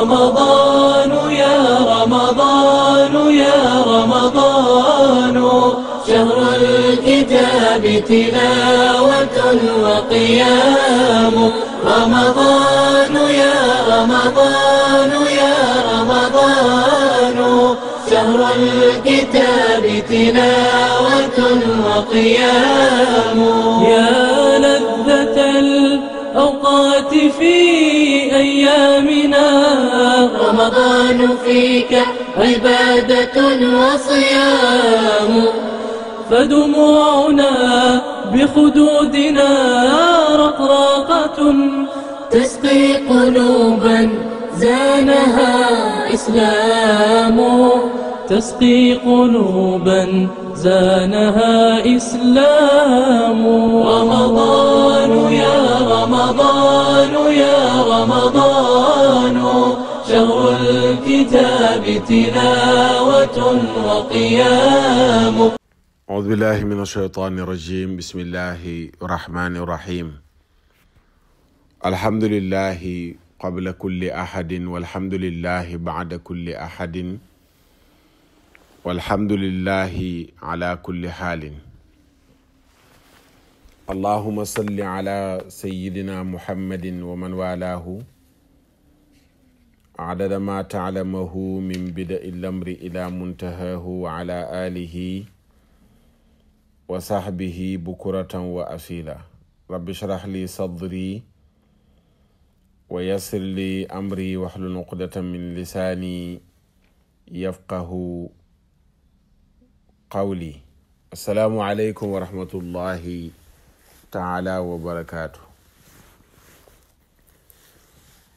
رمضان يا رمضان يا رمضان شهر الكتاب تلاوة وقيام رمضان يا رمضان يا رمضان شهر الكتاب تلاوة وقيام يا لذة الأوقات في أيام رمضان فيك عبادة وصيام فدموعنا بخدودنا رقراقة تسقي قلوبا زانها إسلام تسقي قلوبا زانها إسلام رمضان يا رمضان يا رمضان دهر الكتاب تلاوة وقيام أعوذ بالله من الشيطان الرجيم بسم الله الرحمن الرحيم الحمد لله قبل كل أحد والحمد لله بعد كل أحد والحمد لله على كل حال اللهم صل على سيدنا محمد ومن والاه adada ma taalamahu min bida'i lamri ila muntahahu wa ala alihi wa sahbihi bukuratan wa asila rabbi shrah li sadri wa yassir li amri wahlul uqdatan min lisaani yafqahu qawli assalaamu aleykum wa rahmatullahi taala wa barakaatu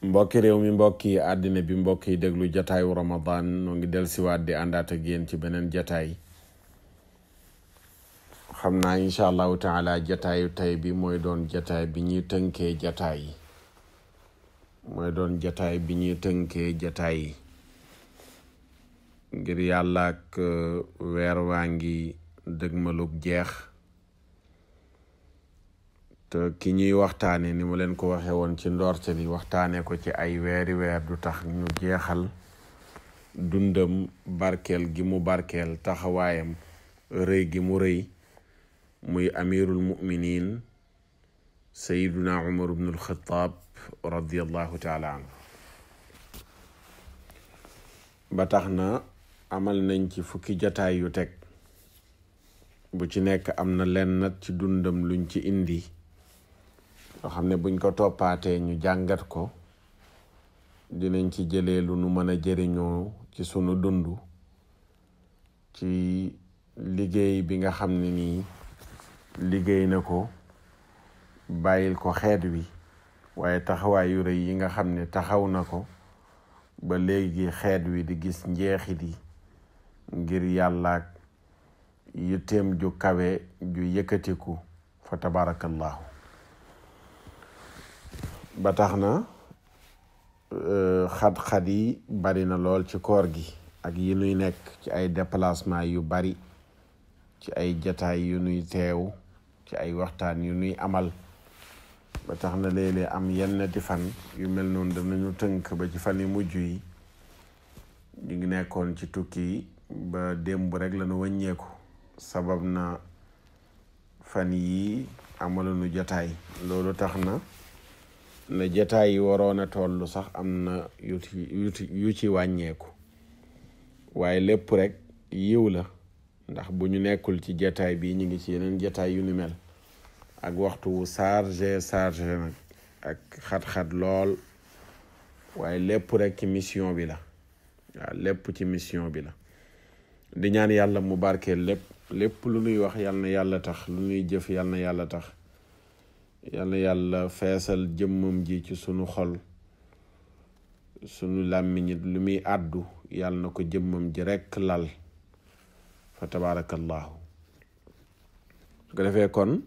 mbokki réew mi mbokki àddina bi mbokk yi déglu jataayu ramadan noo ngi del siwaat di àndaat ak ci beneen jataay xam naa incha allahu taala jataayu tay bi mooy doon jataay bi ñuy tënkee jataay yi mooy doon jataay bi ñuy tënkee jataay ngir yàlla euh, weer waa ngi dëgmalug jeex ki ñuy waxtaane ni ma leen ko waxee woon ci ndoorte li waxtaane ko ci ay weeri weer du tax ñu jeexal dundam barkeel gi mu barkeel taxawaayam rëy gi mu rëy muy amirul muminin sayiduna umar ibn alxataab radiallahu taala anhu ba tax na amal nañ ci fukki jataay yu teg bu ci nekk am na lenn ci dundam luñ ci indi yoo xam ne buñ ko toppaatee ñu jàngat ko dinañ ci jëlee lu nu mën a jëriñoo ci sunu dund ci liggéey bi nga xam ne nii liggéey na ko bàyyil ko xeet wi waaye taxawaay yu rëy yi nga xam ne taxaw na ko ba léegi xeet wi di gis njeexit yi ngir yàllaak yitteem ju kawe ju yëkkatiku fa tabarakallahu ba tax na euh, xat-xat yi bari na lool ci koor gi ak yi nuy nekk ci ay déplacement yu bari ci ay jataay yu nuy teew ci ay waxtaan yu nuy amal ba tax na léeg-léeg am yennati fan yu mel noonu nañu tënk ba ci fan yu mujj yi ñu ngi nekkoon ci tukki yi ba démb rek lañu wàññeeku sabab na fan yi amaluñu jataay loolu tax na na jataay yi waroon a toll sax am na yu ci yu ci wàññeeku waaye lépp rekk yiw la ndax bu ñu nekkul ci jataay bi ñu ngi ci yeneen jataay yu ni mel ak waxtu wu chargé chargé nag ak xat-xat lool waaye lépp rek ci mission bi la waaw lépp ci mission bi la di ñaan yàlla mu barkeel lépp lépp lu nuy wax yàlla na yàlla tax lu nuy jëf yàlla na yàlla tax yàlla yàlla feesal jëmmam ji ci sunu xol sunu làmmiñit lu muy àddu yàlla na ko jëmmam ji rekk lal fa tabaarakallaahu ko defee kon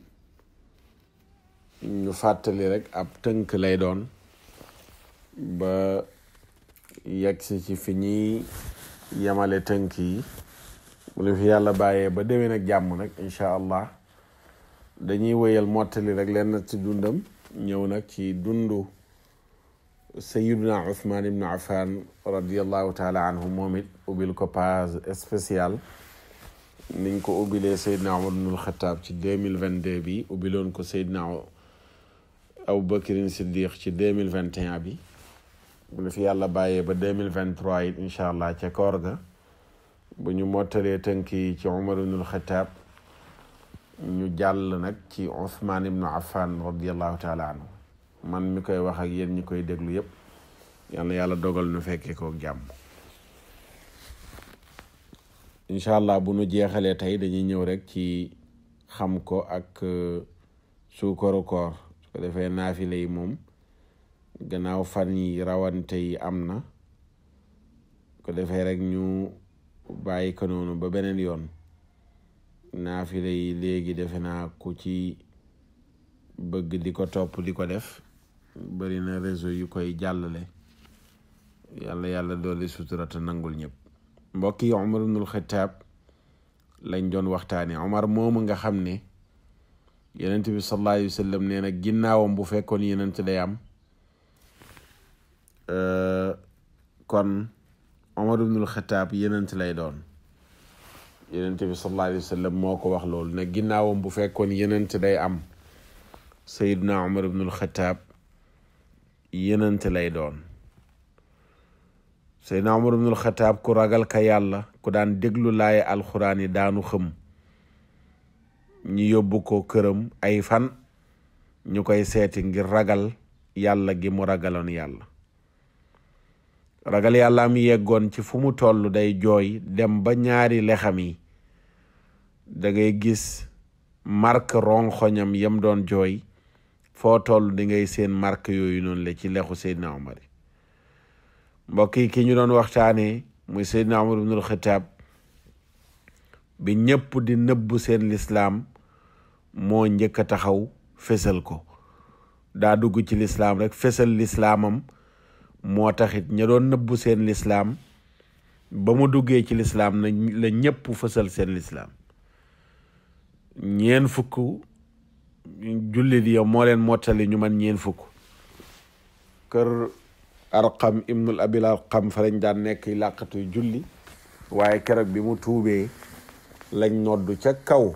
ñu fàttali rek ab tënk lay doon ba yegsi ci fi ñuy yemale tënk yi bu lu yàlla bàyyee ba déwén ak jàmm nag incha allah dañuy wéyal mottali rek lenn ci dundam ñëw nag ci dundu sayiduna Usmaan ibnu Affaan radiallahu taala anhu moom it ubbil niñ ko ubbilee sayidna Umar ibnul ci deux mille vingt deux bi ubbiloon ko sayidna Abubakrin Siddiq ci deux mille vingt et bi bu yàlla bàyyee ba deux mille vingt trois it incha allah ca koor ga bu ñu mottalee tënk ci Umar ibnul Xataab ñu jàll nag ci Ousmaan ibnu Affan radiallahu taala anhu man mi koy wax ak yéen ñi koy déglu yépp yal yàlla dogal ñu fekkee ko jàmm incha allah bu nu jeexalee tey dañuy ñëw rek ci xam ko ak euh, suukaru koor su ko defee naafile moom gannaaw fan yi rawante yi am na ko defee rek ñu bàyyi ko noonu ba beneen yoon naafile yi léegi defe naa ku ci bëgg di ko topp di ko def bari na réseau yu koy jàllale yàlla yàlla doole suturata nangul ñëpp mbokk yi Omar ibnul lañ doon waxtaane Omar moomu nga xam ne yenent bi sallallahu alayhi wa sallam nee na ginnaawam bu fekkoon yenent day am euh, kon Omar ibnul Xataab yenent lay doon yenent bi sallallahu alayhi moo ko wax loolu ne ginnaawam bu fekkoon yenent day am sayiduna umar ibnul xataab yenent lay doon sayiduna umar ibnul xataab ku ragal ka yàlla ku daan déglu laaye alxuraan yi daanu xëm ñu yóbbu ko këram ay fan ñu koy seeti ngir ragal yàlla gi mu ragaloon yàlla ragal yàlla mu yeggoon ci fu mu toll day jooy dem ba ñaari lexam yi dangay gis mark ronxoñam yam doon jooy foo toll di ngay seen mark yooyu noonu la ci lexu Seydina Omar mbokk yi ki ñu doon waxtaanee muy Seydina Omar ibnul Xataab bi ñépp di nëbb seen lislaam moo njëkk a taxaw fesal ko daa dugg ci lislaam rek fesal lislaamam moo taxit ña doon nëbbu seen lislaam ba mu duggee ci lislaam la ñépp fësal seen lislaam ñeen fukk jullit ya moo leen mottali ñu man ñeen fukk kër arqam ibnul abil arqam fa lañ daan nekk làqatu julli waaye keroog bi mu tuubee lañ noddu ca kaw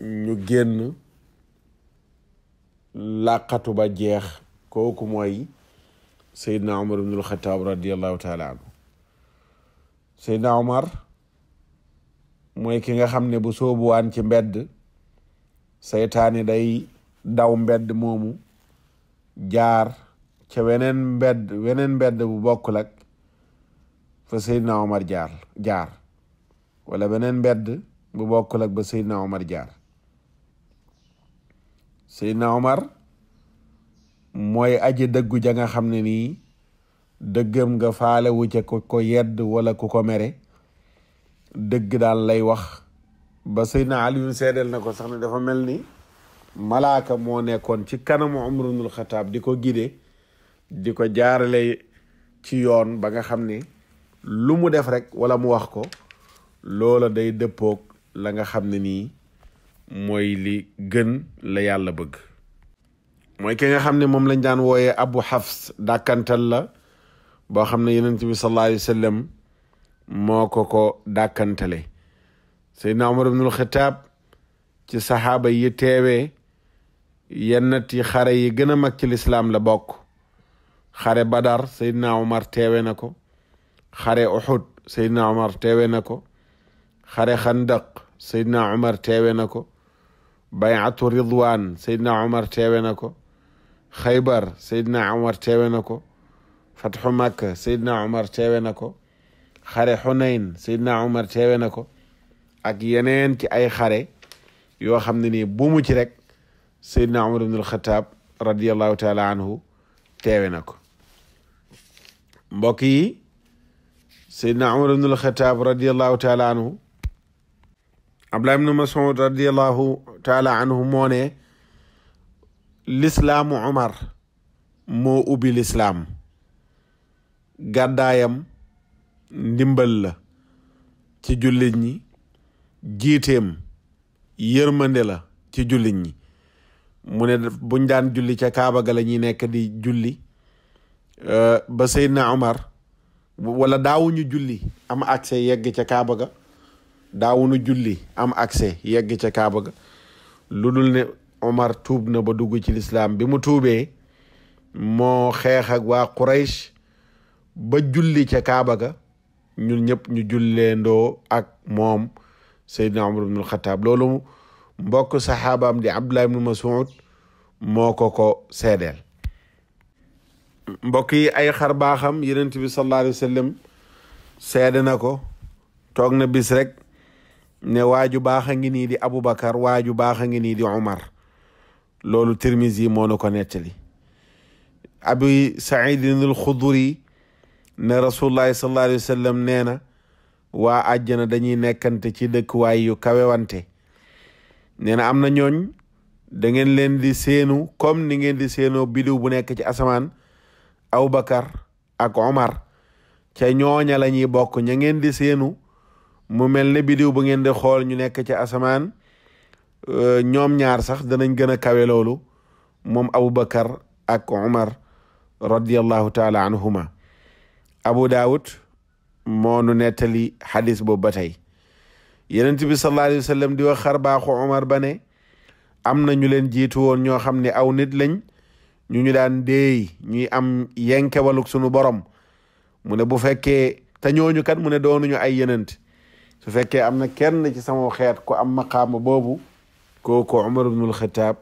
ñu génn làqatu ba jeex kooku mooy Seydina Omar ibnul Xataab radiallahu taala Seydina Omar mooy ki nga xam ne bu soobuwaan ci mbedd seytaani day daw mbedd moomu jaar ca weneen mbedd weneen mbedd bu bokkul ak fa Seydina Omar jaar jaar wala beneen mbedd bu bokkul ak ba Seydina Omar jaar Seydina Omar mooy aje dëggu ja nga xam ne nii dëggam nga faalewu ca ku ko yedd wala ko ko mere dëgg daal lay wax ba Seydina Aliyun seddal na ko sax ne dafa mel ni malaaka moo nekkoon ci kanamu Umar Xataab di ko gide di ko jaarale ci yoon ba nga xam ne lu mu def rek wala mu wax ko loola day dëppoog la nga xam ne nii mooy li gën la yàlla bëgg mooy ki nga xam ne moom lañ daan wooyee abu hafs dàkkantal la boo xam ne yonent bi sallallahu alayhi moo ko ko dàkkantale seydna omar ibnul xitaab ci saxaaba yi teewee yennati xare yi gën a mag ci lislaam la bokk xare badar seydna omar teewe na ko xare uhud seydna omar teewe na ko xare xandaq seydna omar teewe na ko bayatu ridwan seydna omar teewe na ko xaybar Seydina Omar teewe na ko fatxu Makka Seydina Omar teewe na ko xare Xunayn Seydina Omar teewe na ko ak yeneen ci ay xare yoo xam ne nii bu mu ci rek Seydina Omar ibn al taala anhu teewe na ko mbokk yi Seydina Omar ibn al-Khattab radiyallahu taala anhu Abdullah ibn Mas'ud radiyallahu taala anhu moo lislaamu Umar moo ubbi lislaam gàddaayam ndimbal la ci jullit ñi jiiteem yërmande la ci jullit ñi mu ne buñ julli ca Kaaba ga la ñuy nekk di julli euh, ba Seydina Omar walla daawuñu julli am accès yegg ca Kaaba ga daawuñu julli am accès yegg ca Kaaba ga lu dul ne Omar tuub na ba dugg ci lislaam bi mu tuubee moo xeex ak waa ba julli ca Kaaba ga ñun ñëpp ñu julleendoo ak moom Seydina Omar ibnul Xataab loolu mbokk saxaabaam di Abdullah ibnu Mas'ud moo ko ko seedeel mbokk yi ay xar baaxam Yonent bi seede na ko toog na bis rek ne waaju baax a ngi abu bakar Aboubacar waaju baax a ngi nii loolu Tirmisi yi moo ko nettali abi saidin al xuduri ne rasulullahi sallallahu alayhi wa sallam nee na waa àjjana dañuy nekkante ci dëkkuwaay yu kawewante nee na am na ñooñ dangeen ngeen leen di seenu kom ni ngeen di seenoo bidiw bu nekk ci asamaan Abubakar ak Omar ca ñooña la bokk ña ngeen di seenu mu mel ne bidiw bu ngeen di xool ñu nekk ci asamaan Euh, ñoom ñaar sax danañ gën a kawe loolu moom Aboubacar ak Umar radiallahu taala anhuma Abu Daawud moo nu nettali xadis boobu ba tey bi sallallahu alayhi wa sallam di xar baaxu Umar ba ne am na ñu leen jiitu woon ñoo xam ne aw nit lañ ñu ñu daan deey ñuy am yenkewaluk sunu borom mu ne bu fekkee te ñooñu kat mu ne doonuñu ay yenent su fekkee am na kenn ci sama xeet ko am maqaama boobu kooku Umar ibnul Xataab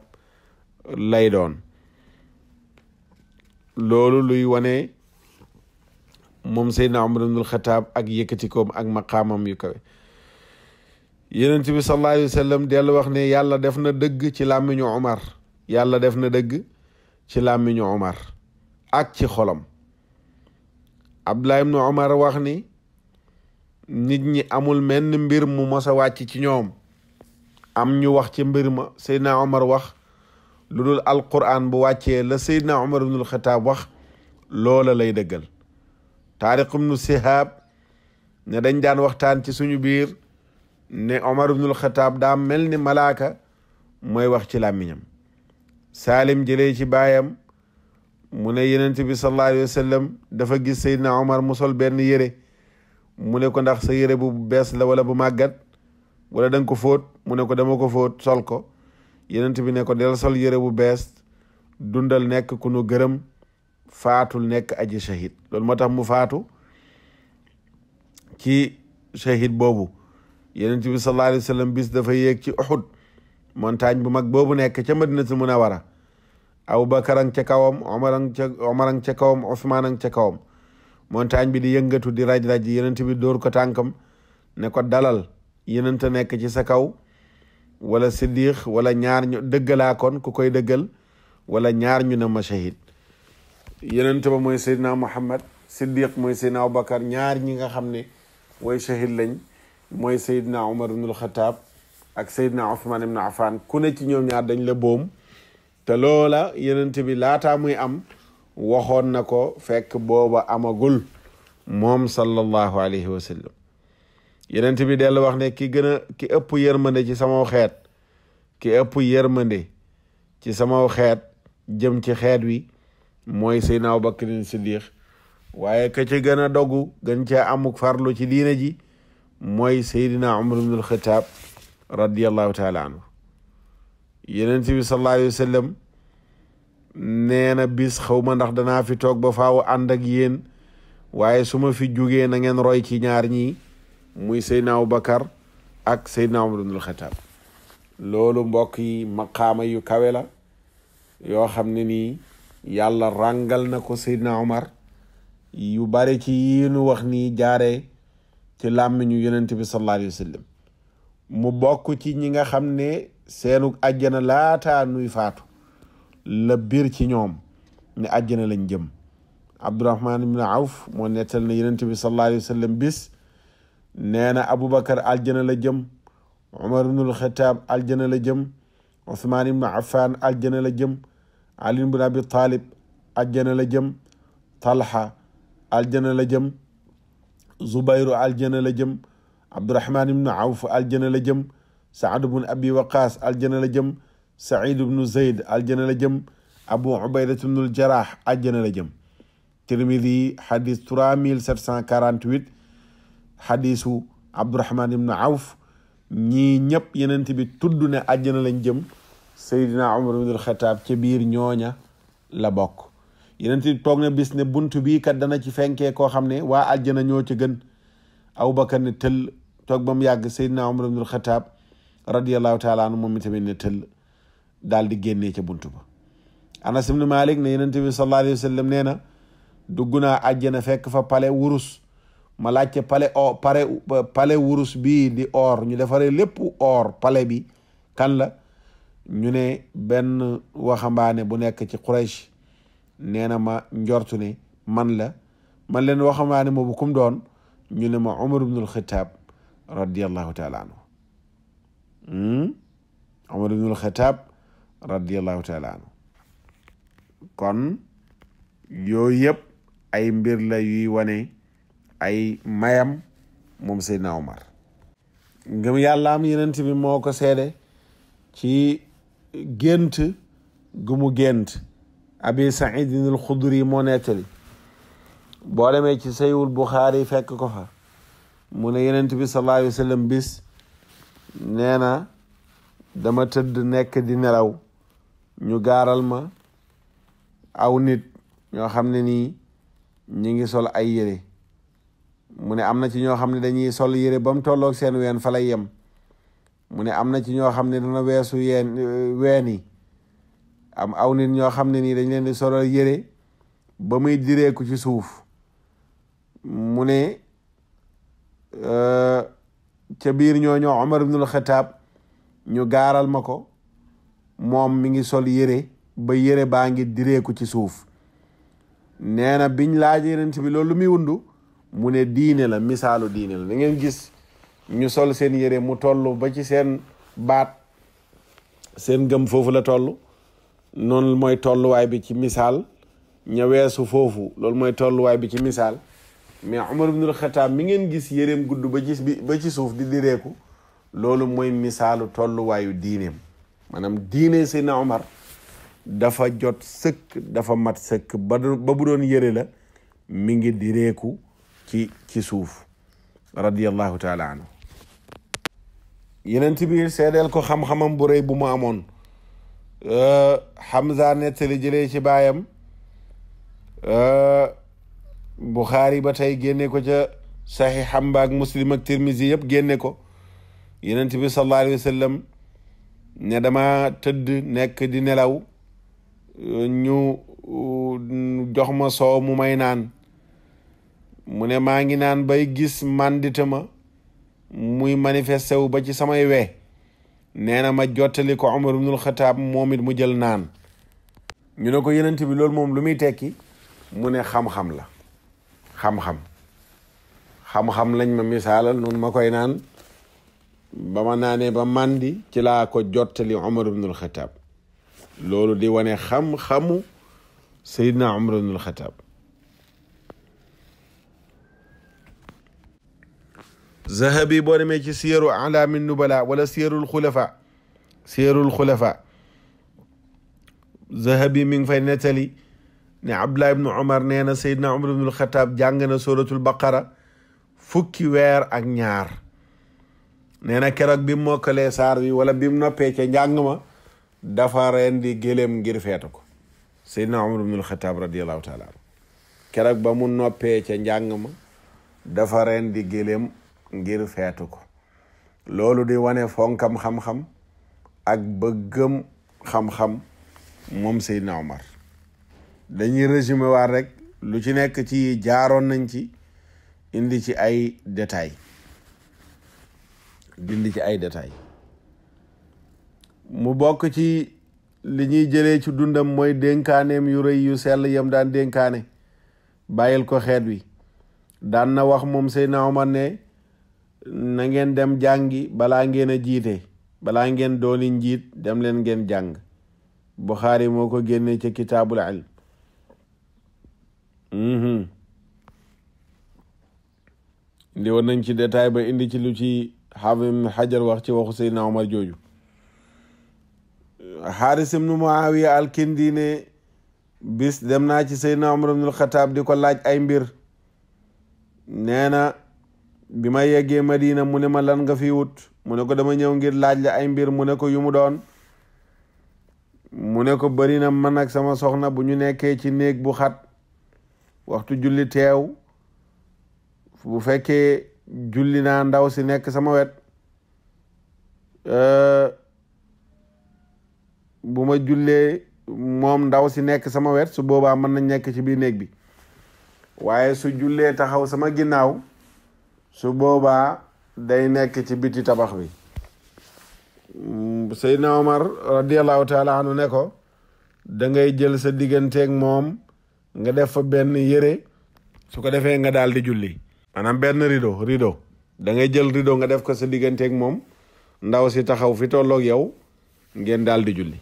lay doon loolu luy wane moom Seydina Umar ibnul Xataab ak yëkkatikoom ak maqaamam yu kawe Yonent bi sallallahu alayhi wa sallam dellu wax ne yàlla def na dëgg ci làmmiñu Umar yàlla def na dëgg ci làmmiñu Umar ak ci xolam Abdullah ibnu Umar wax ni nit ñi amul menn mbir mu mos a ci ñoom am ñu wax ci mbir ma Seydina Omar wax lu dul alquran bu wàccee la Seydina Omar ibnul Xataab wax loola lay dëggal Taariq Sihaab ne dañ daan waxtaan ci suñu biir ne Omar ibnul Xataab daa mel ni malaaka mooy wax ci làmmiñam salim jëlee ci baayam mu ne yenent bi sallallahu alayhi dafa gis Seydina Omar mu sol benn yére mu ne ko ndax sa yére bu bees la wala bu màggat wala da ko foot mu ne ko dama ko fóot sol ko yenent bi ne ko sol yëre bu bees dundal nekk ku nu gërëm faatul nekk aji shahid loolu moo mu faatu ci shahid boobu yenent bi sallallahu alayhi wa sallam bis dafa yéeg ci Uhud montagne bu mag boobu nekk ca Madinatul Munawara Abubakar ang ca kawam Omar ang ca Omar ang ca kawam Ousmane ang ca kawam montagne bi di yëngatu di raj-raj yenent bi dóor ko tànkam ne ko dalal yenent nekk ci sa kaw wala siddiq wala ñaar ñu dëggalaa kon ku koy dëggal wala ñaar ñu ne ma shahid yenente ba mooy seydina muhammad siddiq mooy seydina abubakar ñaar ñi nga xam ne way shahid lañ mooy seydina umar ibnul xataab ak seydina usman ibnu affan ku ne ci ñoom ñaar dañ la boom te loola yenente bi laataa muy am waxoon na ko fekk booba amagul moom sallallahu alayhi wa sallam yeneen bi dellu wax ne ki gën a ki ëpp yërmande ci samaw xeet ki ëpp yërmande ci samaw xeet jëm ci xeet wi mooy Seydina Abubakrin Siddiq waaye ka ci gën a dogu gën cee amuk farlu ci diine ji mooy Seydina Umar ibn al-Khattab radiyallahu taala anhu yenent bi sallallahu na bis xaw ma ndax danaa fi toog ba faaw ànd ak yéen waaye su ma fi jugee na ngeen roy ci ñaar ñii muy Seydina Aboubacar ak Seydina Omar loolu mbokk yi maqaama yu kawe la yoo xam ne nii yàlla ràngal na ko Seydina Omar yu bare ci yi nu wax ni jaare ci làmmiñu yonent bi sallallahu alayhi wa sallam mu bokk ci ñi nga xam ne seenu àjjana laata nuy faatu la biir ci ñoom ne àjjana lañ jëm Abdurahman ibn Awf moo nettal ne yonent bi sallallahu alayhi bis nee na Aboubacar aljana la jëm Umar ibnul Xataab aljana la jëm Ousmane ibnu Affan aljana la jëm Ali ibnu Abi Talib aljana la jëm Talha aljana la jëm Zubayru aljana la jëm Abdurahman ibnu Awf aljana la jëm Saad ibnu Abi Waqaas aljana la jëm Saïd ibnu Zayd aljana la jëm Abu Ubaydat ibnul Jaraax aljana la jëm Tirmidi xadis 3748 xadiisu abdurahman ibn awf ñii ñëpp yenent bi tudd ne àjjana lañ jëm seydina umar ibnul xataab ca biir ñooña la bokk yenent bi toog na bis bunt bii kat dana ci fenkee koo xam ne waa àjjana ñoo ci gën abubakar ne tëll toog ba mu yàgg seydina umar ibnul xataab radiallahu taala anhu moom itamit ne tëll daal di génnee ca bunt ba anas ibnu malik ne yenent bi sallallahu alayhi wa sallam nee fekk fa pale wurus ma laajte pale o pale wurus bii di or ñu defaree lépp or pale bi kan la ñu ne benn waxambaane bu nekk ci Quraysh nee na ma njortu ne man la man leen waxambaane moobu kum doon ñu ne ma Umar ibnul Xitaab radiallahu taala anhu hmm? Umar ibnul kon yooyu yëpp ay mbir la yuy wane ay mayam moom Seydina Omar ngëm yàlla am yenent bi moo ko seede ci gént gu mu gént abi saidin al xudri moo nettali boo demee ci saywul buxaari fekk ko fa mu ne yenent bi sallallahu alayhi wa bis nee na dama tëdd nekk di nelaw ñu gaaral ma aw nit ñoo xam ne nii ñi ngi sol ay yére mu ne am na ci ñoo xam ne dañuy sol yére ba mu tollook seen ween falay lay yem mu ne am na ci ñoo xam ne dana weesu yeen euh, ween yi am aw nit ñoo xam ne nii dañ leen di solal yére ba muy direeku ci suuf mu ne euh, ca biir ñooñu Omar ibnul Xataab ñu gaaral ma ko moom mi ngi sol yére ba yére baa ngi direeku ci suuf nee na biñ laaj yonent bi loolu muy wundu mu ne diine la misaalu diine la da ngeen gis ñu sol seen yére mu toll ba ci seen baat seen gëm foofu la toll noonu mooy tolluwaay bi ci misaal ñaweesu foofu loolu mooy tolluwaay bi ci misaal mais Umar ibnul Xataab mi ngeen gis yéreem gudd ba ci ba ci suuf di direeku loolu mooy misaalu tolluwaayu diineem maanaam diine Seydina Umar dafa jot sëkk dafa mat sëkk ba bu doon yére la mi ngi direeku ci ci suuf radiyallahu taala anhu yenent bi seedeel ko xam-xamam bu rëy bu mu amoon euh, Hamza nettali jëlee ci baayam euh, Buxaari ba tey génne ko ca saxi xamba ak muslim ak tirmisi yëpp génne ko yenent bi sallallahu alayhi wa sallam ne dama tëdd nekk di nelaw euh, ñu jox ma soow mu may naan mu ne maa ngi naan bay gis mandita ma muy manifesté wu ba ci samay we nee na ma jottali ko Umar ibnul Xataab moom mu jël naan ñu ne ko yenent bi loolu moom lu muy tekki mu ne xam-xam la xam-xam xam lañ ma misaalal noonu ma koy naan ba ma naanee ba màndi ci laa ko jottali Umar ibnul Xataab loolu di wane xam-xamu Seydina Umar ibnul Xataab zahabi boo demee ci siyaru alaami nubala wala siyarul xulafa siyarul xulafa zahabi mi ngi fay nettali ne abdullah ibnu omar nee na seydna omar jàng na suratul baqara fukki weer ak ñaar nee na keroog bi mu mokkalee saar wi wala bi noppee ca njàng ma dafa reen di gëléem ngir feetu ko seydna omar ibnul xataab radiallahu keroog ba mu noppee ca njàng ma dafa reen ngir feetu ko loolu di wane fonkam xam-xam ak bëggëm xam-xam moom Seydina Omar dañuy résumé waat rek lu ci nekk ci jaaroon nañ ci indi ci ay détails dindi ci ay détails mu bokk ci li ñuy jëlee ci dundam mooy dénkaaneem yu rëy yu sell yam daan dénkaane bàyyil ko xeet wi daan na wax moom Seydina Omar ne na ngeen dem jàngi balaa ngeen a jiite balaa ngeen dooni njiit dem leen ngeen jàng Buxaari moo ko génne ca kitaabul ilm mhm. ndi woon nañ ci détail indi ci lu ci xaafim xajar wax ci waxu Seydina Omar jooju Xaaris ibnu Muawiya al bis dem naa ci Seydina Omar ibnul Xataab di ko laaj ay mbir nee bi ma yeggee ma Madina mu ne ma lan nga fi wut mu ne ko dama ñëw ngir laaj la ay mbir mu ne ko yu mu doon mu ne ko bëri na man ak sama soxna bu ñu nekkee ci néeg bu xat waxtu julli teew bu fekkee julli naa ndaw si nekk sama wet euh, bu ma jullee moom ndaw si nekk sama wet su boobaa mën nañ nekk ci biir néeg bi waaye su jullee taxaw sama ginnaaw su boobaa day nekk ci biti tabax bi mm, Seydina Omar radiallahu taala anhu ne ko da ngay jël sa digganteeg moom nga def fa benn yére su ko defee nga daal di julli maanaam benn rido rido da ngay jël rideau nga def ko sa digganteeg moom ndaw si taxaw fi tolloog yow ngeen daal di julli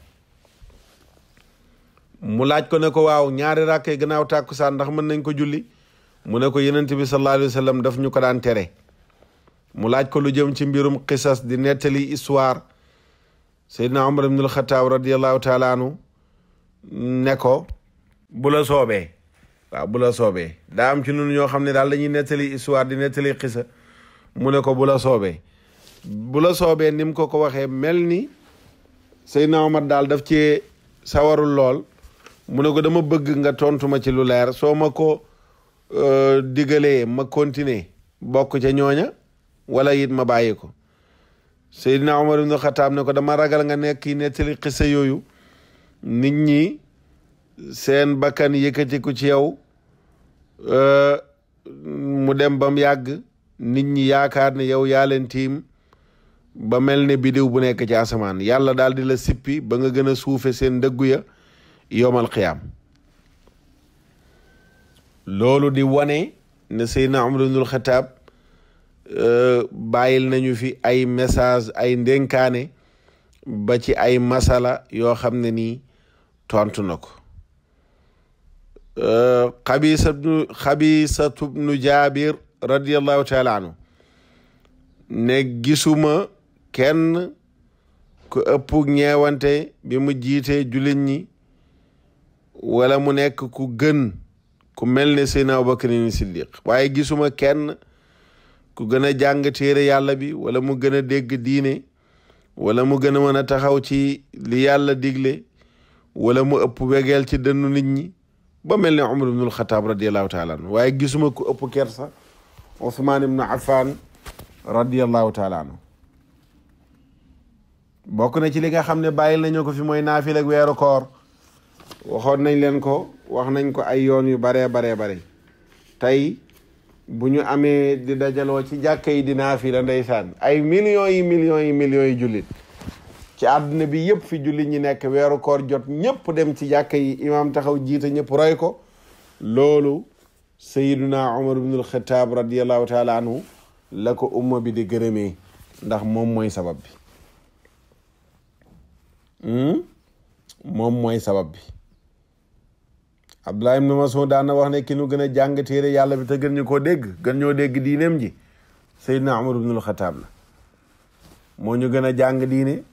mu laaj ko ne ko waaw ñaari ràkkee gannaaw tàkkusaan ndax mën nañ ko julli mu ne ko yenent bi sallallahu alayhi wa sallam daf ñu ko daan tere mu laaj ko lu jëm ci mbirum xisas di nettali histoire seydina omar ibnul xataab radiallahu taala ne ko bu la soobee bu la soobee daa am ci nun ñoo xam ne daal dañuy nettali histoire di nettali mu ne ko bu la soobee bu soobee ni ko ko waxee mel ni seydina omar daal daf ci sawarul lool mu ne ko dama bëgg nga tontuma ci lu leer soo ma ko Euh, digalee ma continuer bokk ca ñooña wala it ma bàyyi ko Seydina Omar ibnu Xataab ne ko dama ragal nga nekk ne nettali xisa yooyu nit ñi seen bakkan yëkkatiku ci yow euh, mu dem ba mu yàgg nit ñi yaakaar ne yow yaa leen tiim ba mel ne bidiw bu nekk ci asamaan yàlla daal di la sippi ba nga gën a suufe seen dëggu ya yowmal xiyaam loolu di wane ne Seydina Umar ibnul Xataab euh, bàyyil nañu fi ay message ay ndénkaane ba ci ay masala yoo xam ne nii tontu na ko euh, xabisatu xabisatu bnu jaabir radiallahu taala anhu ne gisuma kenn ku ëpp ñeewante bi mu jiitee jullit ñi wala mu nekk ku gën ku mel ne Seydina Abubakar ni Siddiq waaye gisuma kenn ku gën a jàng téere yàlla bi wala mu gën a dégg diine wala mu gën a mën a taxaw ci li yàlla digle wala mu ëpp wegeel ci dënnu nit ñi ba mel ne Umar ibnul Xataab radiallahu taala anhu waaye gisuma ku ëpp kersa Ousmane ibnu Affan radiallahu taala anhu bokk na ci li nga xam ne bàyyil nañu ko fi mooy naafil weeru koor waxoon nañ leen ko wax nañ ko ay yoon yu baree baree bare tey bu ñu amee di dajaloo ci jàkka yi dinaa fi la ndeysaan ay millions yi millions yi millions yi jullit ci àdduna bi yëpp fi jullit ñi nekk weeru koor jot ñëpp dem ci jàkka yi imaam taxaw jiite ñëpp roy ko loolu sayiduna umar ibnul xataab radiallahu taala anhu la ko umma bi di gërëme ndax moom mooy bi moom mooy sabab bi hmm? Abdullah ibn Mas'ud daan na wax ne ki gën a jàng téere yàlla bi te gën ñu koo dégg gën ñoo dégg diineem ji Seydina Umar ibnul Xataab la ñu gën a jàng diine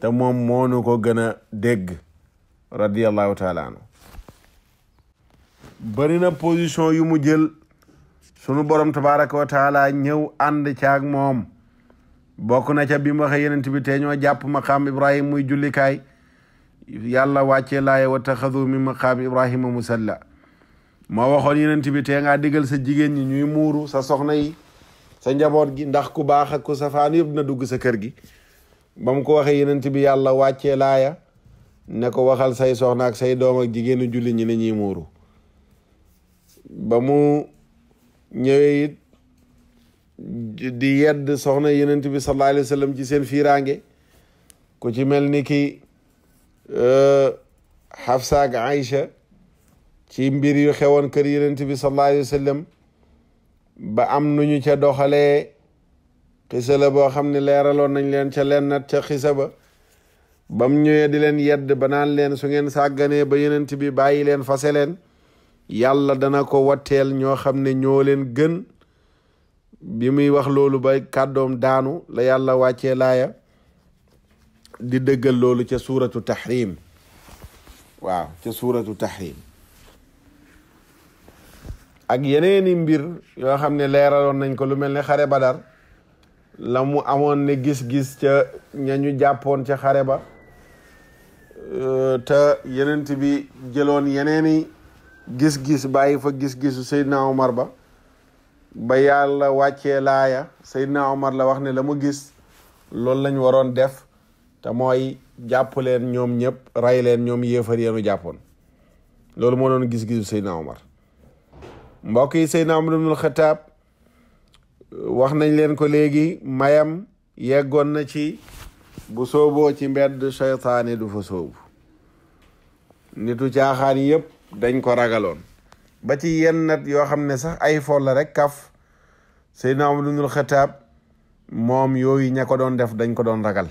te moom moo ko gën a dégg radiyallahu taala anhu position yu jël sunu borom tabaraka wa taala ñëw ànd caag moom bokk na ca bi mu waxee yenent bi te ñoo jàpp Ibrahim muy jullikaay yàlla wàccee laaye wa taxadu min maqaami ibrahima musalla moo waxoon yenent bi tee ngaa digal sa jigéen ñi ñuy muuru sa soxna yi sa njaboot gi ndax ku baax ak ku safaan yëpp na dugg sa kër gi ba mu ko waxee yenent bi yàlla wàccee laaya ne ko waxal say soxna ak say doom ak jigéenu julli ñi ne ñuy muuru ba mu ñëwee it di yedd soxna yeneen bi sa alayhi wa sallam ci seen fiiraange ku ci mel ni ki Xafsa ak Aïcha ci mbir yu xewoon kër Yonent bi sallallahu alayhi wa ba am nu ñu ca doxalee xisa la boo xam ne leeraloon nañ leen ca leen nat ca xisa ba bam ñëwee di leen yedd ba naan leen su ngeen sàgganee ba Yonent bi bàyyi leen fase leen yàlla dana ko watteel ñoo xam ne ñoo leen gën bi muy wax loolu ba kàddoom daanu la yàlla wàccee laaya di dëggal loolu ca suuratu tahrim waaw ca suuratu tahrim ak yeneeni mbir yoo xam ne leeraloon nañ ko lu mel ne xare badar la mu amoon ne gis-gis ca ñañu jàppoon ca xare ba te yenent bi jëloon yeneeni gis-gis bàyyi fa gis-gisu Seydina Omar ba ba yàlla wàccee laaya Seydina Omar la wax ne la mu gis loolu lañ waroon def te mooy jàpp leen ñoom ñëpp ray leen ñoom yéefar yeenu jàppoon loolu moo doon gis-gisu Seydina Omar mbokk yi Seydina Omar ibnul wax nañ leen ko léegi mayam yeggoon na ci bu sooboo ci mbedd seytaane du fa soobu nitu caaxaan yëpp dañ ko ragaloon ba ci yenn nat yoo xam ne sax ay fol la rek kaf Seydina Omar ibnul Xataab moom yooyu ña ko doon def dañ ko doon ragal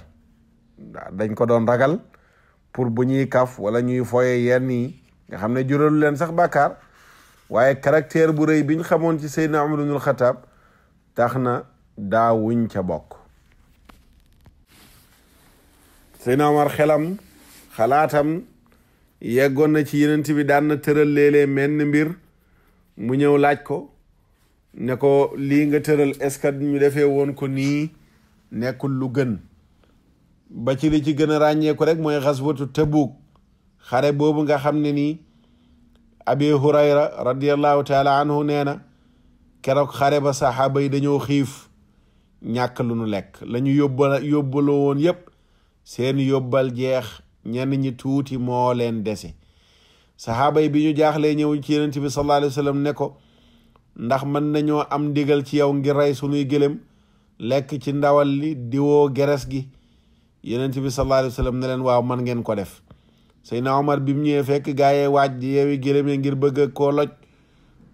dañ ko doon ragal pour bu ñuy kaf wala ñuy foye yenn yi nga xam ne juralu leen sax bàkkaar waaye caractère bu rëy bi ñu xamoon ci Seydina Umar ibnul Xataab na daawuñ ca bokk Seydina Umar xelam xalaatam yeggoon na ci yenent bi daan na tëral léeg-léeg mbir mu ñëw laaj ko ne ko lii nga tëral est-ce defee woon ko nii nekkul lu gën ba ci li ci gën a ràññeeku rek mooy xas xaswatu Tabuk xare boobu nga xam ne nii abi hurayra radiallahu taala anhu nee na keroog xare ba saxaaba yi dañoo xiif ñàkk lu ñu lekk la ñu yóbbaloo woon yépp seen yóbbal jeex ñenn ñi tuuti moo leen dese saxaaba yi bi ñu jaaxlee ñëw ci yonent bi sallallahu alayhi wa sallam ne ko ndax mën nañoo am ndigal ci yow ngir rey sunuy gëléem lekk ci ndawal li diwoo geres gi yonent bi sallallahu alayhi wa leen waaw man ngeen ko def Seydina Omar bi mu ñëwee fekk gaayee waaj yeewi gëlëm yi ngir bëgg koo loj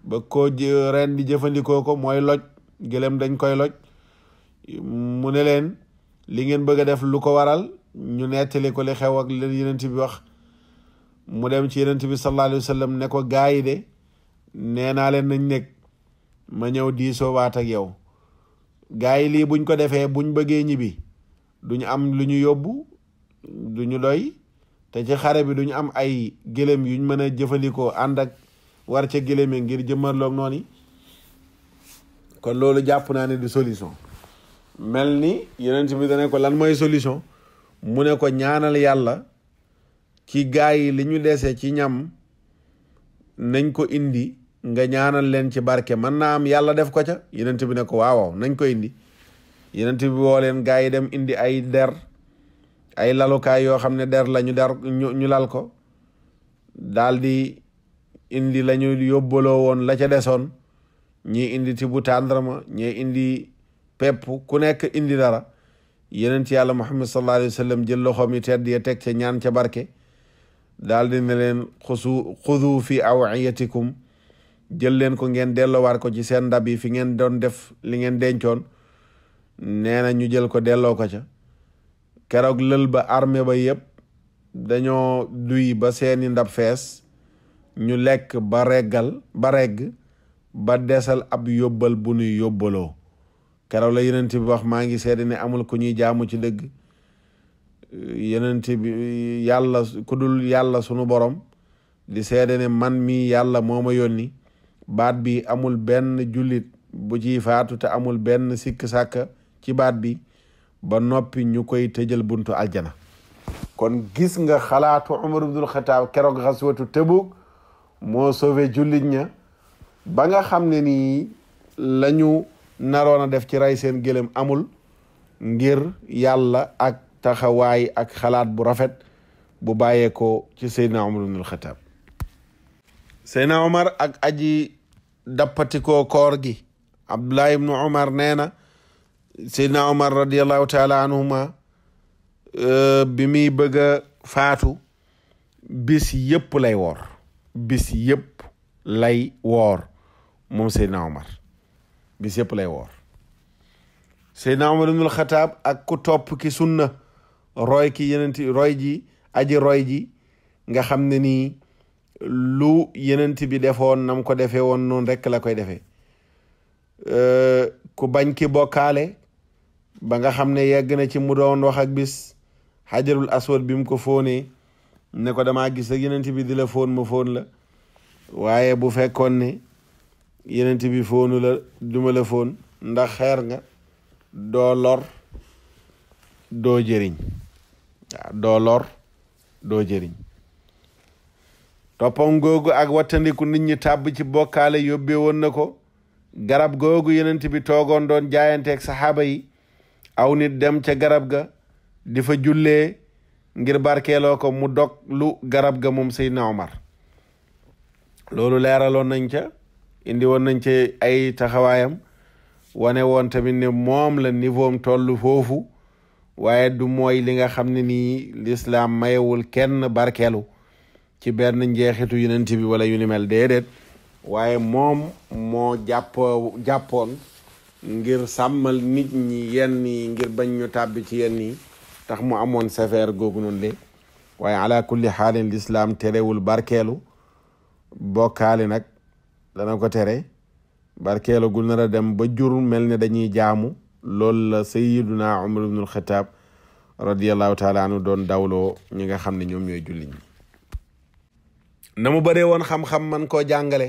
ba koo ren di jëfandikoo ko mooy loj gëlëm dañ koy loj mu ne leen li ngeen bëgg a def lu ko waral ñu nettali ko li xew ak leen yonent bi wax mu dem ci yonent bi sallallahu alayhi ne ko gaa yi de nee naa leen nañ nekk ma ñëw diisoo waat ak yow gaa yi lii buñ ko defee buñ bëggee ñibbi duñu am lu ñu yóbbu du ñu doy te ci xare bi duñu am ay gëléem yuñ mën a jëfandikoo ànd ak war ce gëléem yi ngir jëmmarloog noonu yi kon loolu jàpp naa ne du solution mel ni yonent bi dane ko lan mooy solution mu ne ko ñaanal yàlla ci gaa yi li ñu dese ci ñam nañ ko indi nga ñaanal leen ci barke mën naa am yàlla def ko ca yonent bi ne ko waaw nañ ko indi yenent bi woo gaa yi dem indi ay der ay lalukaay yoo xam ne der la ñu ñu lal ko daldi indi la ñu yóbbaloo woon la ca desoon ñii indi ti bu tàndarma ñii indi pepp ku nekk indi dara yenent yàlla muhammad sallallahu alayhi wa sallam jël loxoom yi tedd teg ca ñaan ca barke daal di ne leen xusu xudu fi awiyatikum jël leen ko ngeen delloowaat ko ci seen ndab yi fi ngeen doon def li ngeen dencoon nee na ñu jël ko delloo ko ca keroog lël ba armée ba yëpp dañoo duy ba seeni ndab fees ñu lekk ba reggal ba regg ba desal ab yóbbal bu nuy yóbbaloo keroog la yenent bi wax maa ngi seede ni amul ku ñuy jaamu ci dëgg yenent bi yàlla ku yàlla sunu borom di seede ne man mi yàlla moo ma yónni baat bi amul benn jullit bu ciy faatu te amul benn sikk sàkka ci baat bi ba noppi ñu koy tëjal buntu aljana kon gis nga xalaatu Umar ibnul Xataab keroog xaswatu Tabuk moo sauvé jullit ña ba nga xam ne nii la ñu naroon a def ci rey seen gëlëm amul ngir yàlla ak taxawaay ak xalaat bu rafet bu bàyyeekoo ci Seydina Umar ibnul ak aji dappatikoo koor gi Abdullah Umar nee na Seydina Omar radiallahu taala anhuma euh, bi muy bëgg faatu bis yëpp lay woor bis yëpp lay woor moom Seydina Omar bis yëpp lay woor Seydina Omar ibnul Xataab ak ku topp ki sunna roy ki yenenti roy ji aji roy nga xam ne nii lu yenent bi defoon nam ko defee woon noonu rekk la koy defee euh, ku bañ ki ba nga xam ne yegg na ci mu doon wax ak bis xajarul aswad bi mu ko fóonee ne ko dama gis ak yenent bi di la fóon ma fóon la waaye bu fekkoon ne yenent bi fóonu la duma la ndax xeer nga doo lor doo jëriñ waaw doo lor doo jëriñ toppam googu ak wattandiku nit ñi tàbb ci bokkaale yóbbee woon na ko garab googu yenent bi toogoon doon jaayanteeg saxaaba yi aw nit dem ca garab ga di fa jullee ngir barkeloo ko mu dog lu garab ga moom Seydina Omar loolu leeraloon nañ ca indi woon nañ ca ay taxawaayam wane woon tamit ne moom la niveau am toll foofu waaye du moy li nga xam ne nii lislaam mayewul kenn barkeelu ci benn njeexitu yonent wala yu ni mel déedéet waaye moom moo jàpp ngir sàmmal nit ñi yenn yi ngir bañ ñu tàbbi ci yenn yi tax mu amoon sévère googu noonu le waaye ala kulli xaalin lislaam terewul barkeelu bokkaale nag dana ko tere barkeelu gu dem ba jur mel ne dañuy jaamu loolu la sayiduna umar ibnul xataab radiallahu taala doon dawloo ñi nga xam ne ñoom ñooy jullit ñi na mu bëree woon xam-xam man koo jàngale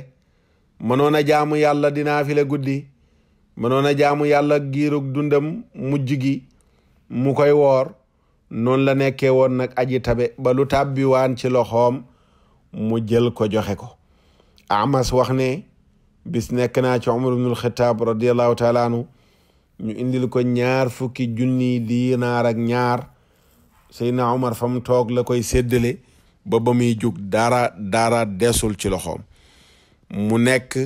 mënoon a jaamu yàlla dinaa guddi mënoon a jaamu yàlla giirug dundam mujj gi mu koy woor noonu la nekkee woon nag aji tabe ba lu tàbbi waan ci loxoom mu jël ko joxe ko amas wax ne bis nekk naa ci umar ibnul xitaab radiallahu taala anhu ñu indil ko ñaar fukki junni diinaar ñaar seydna umar fa mu toog la koy séddale ba ba muy jug dara desul ci loxoom mu nekk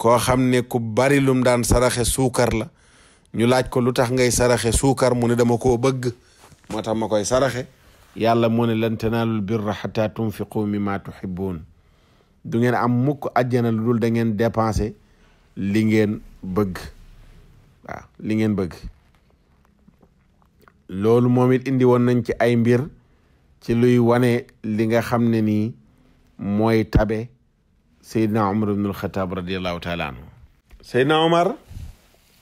koo xam ne ku bari lum daan saraxe suukar la ñu laaj ko lu tax ngay saraxe suukar mu ne dama ko bëgg moo tax ma koy saraxe yàlla mu ne lan tanaalul birra xata tunfiqu mimma tuhibbuun du ngeen am mukk àjjana lu dul da ngeen dépensé li ngeen bëgg waaw li ngeen bëgg loolu moom it indi woon nañ ci ay mbir ci luy wane li nga xam ne nii mooy tabe Seydina Omar ibnul Xataab radiallahu taala anhu Seydina Omar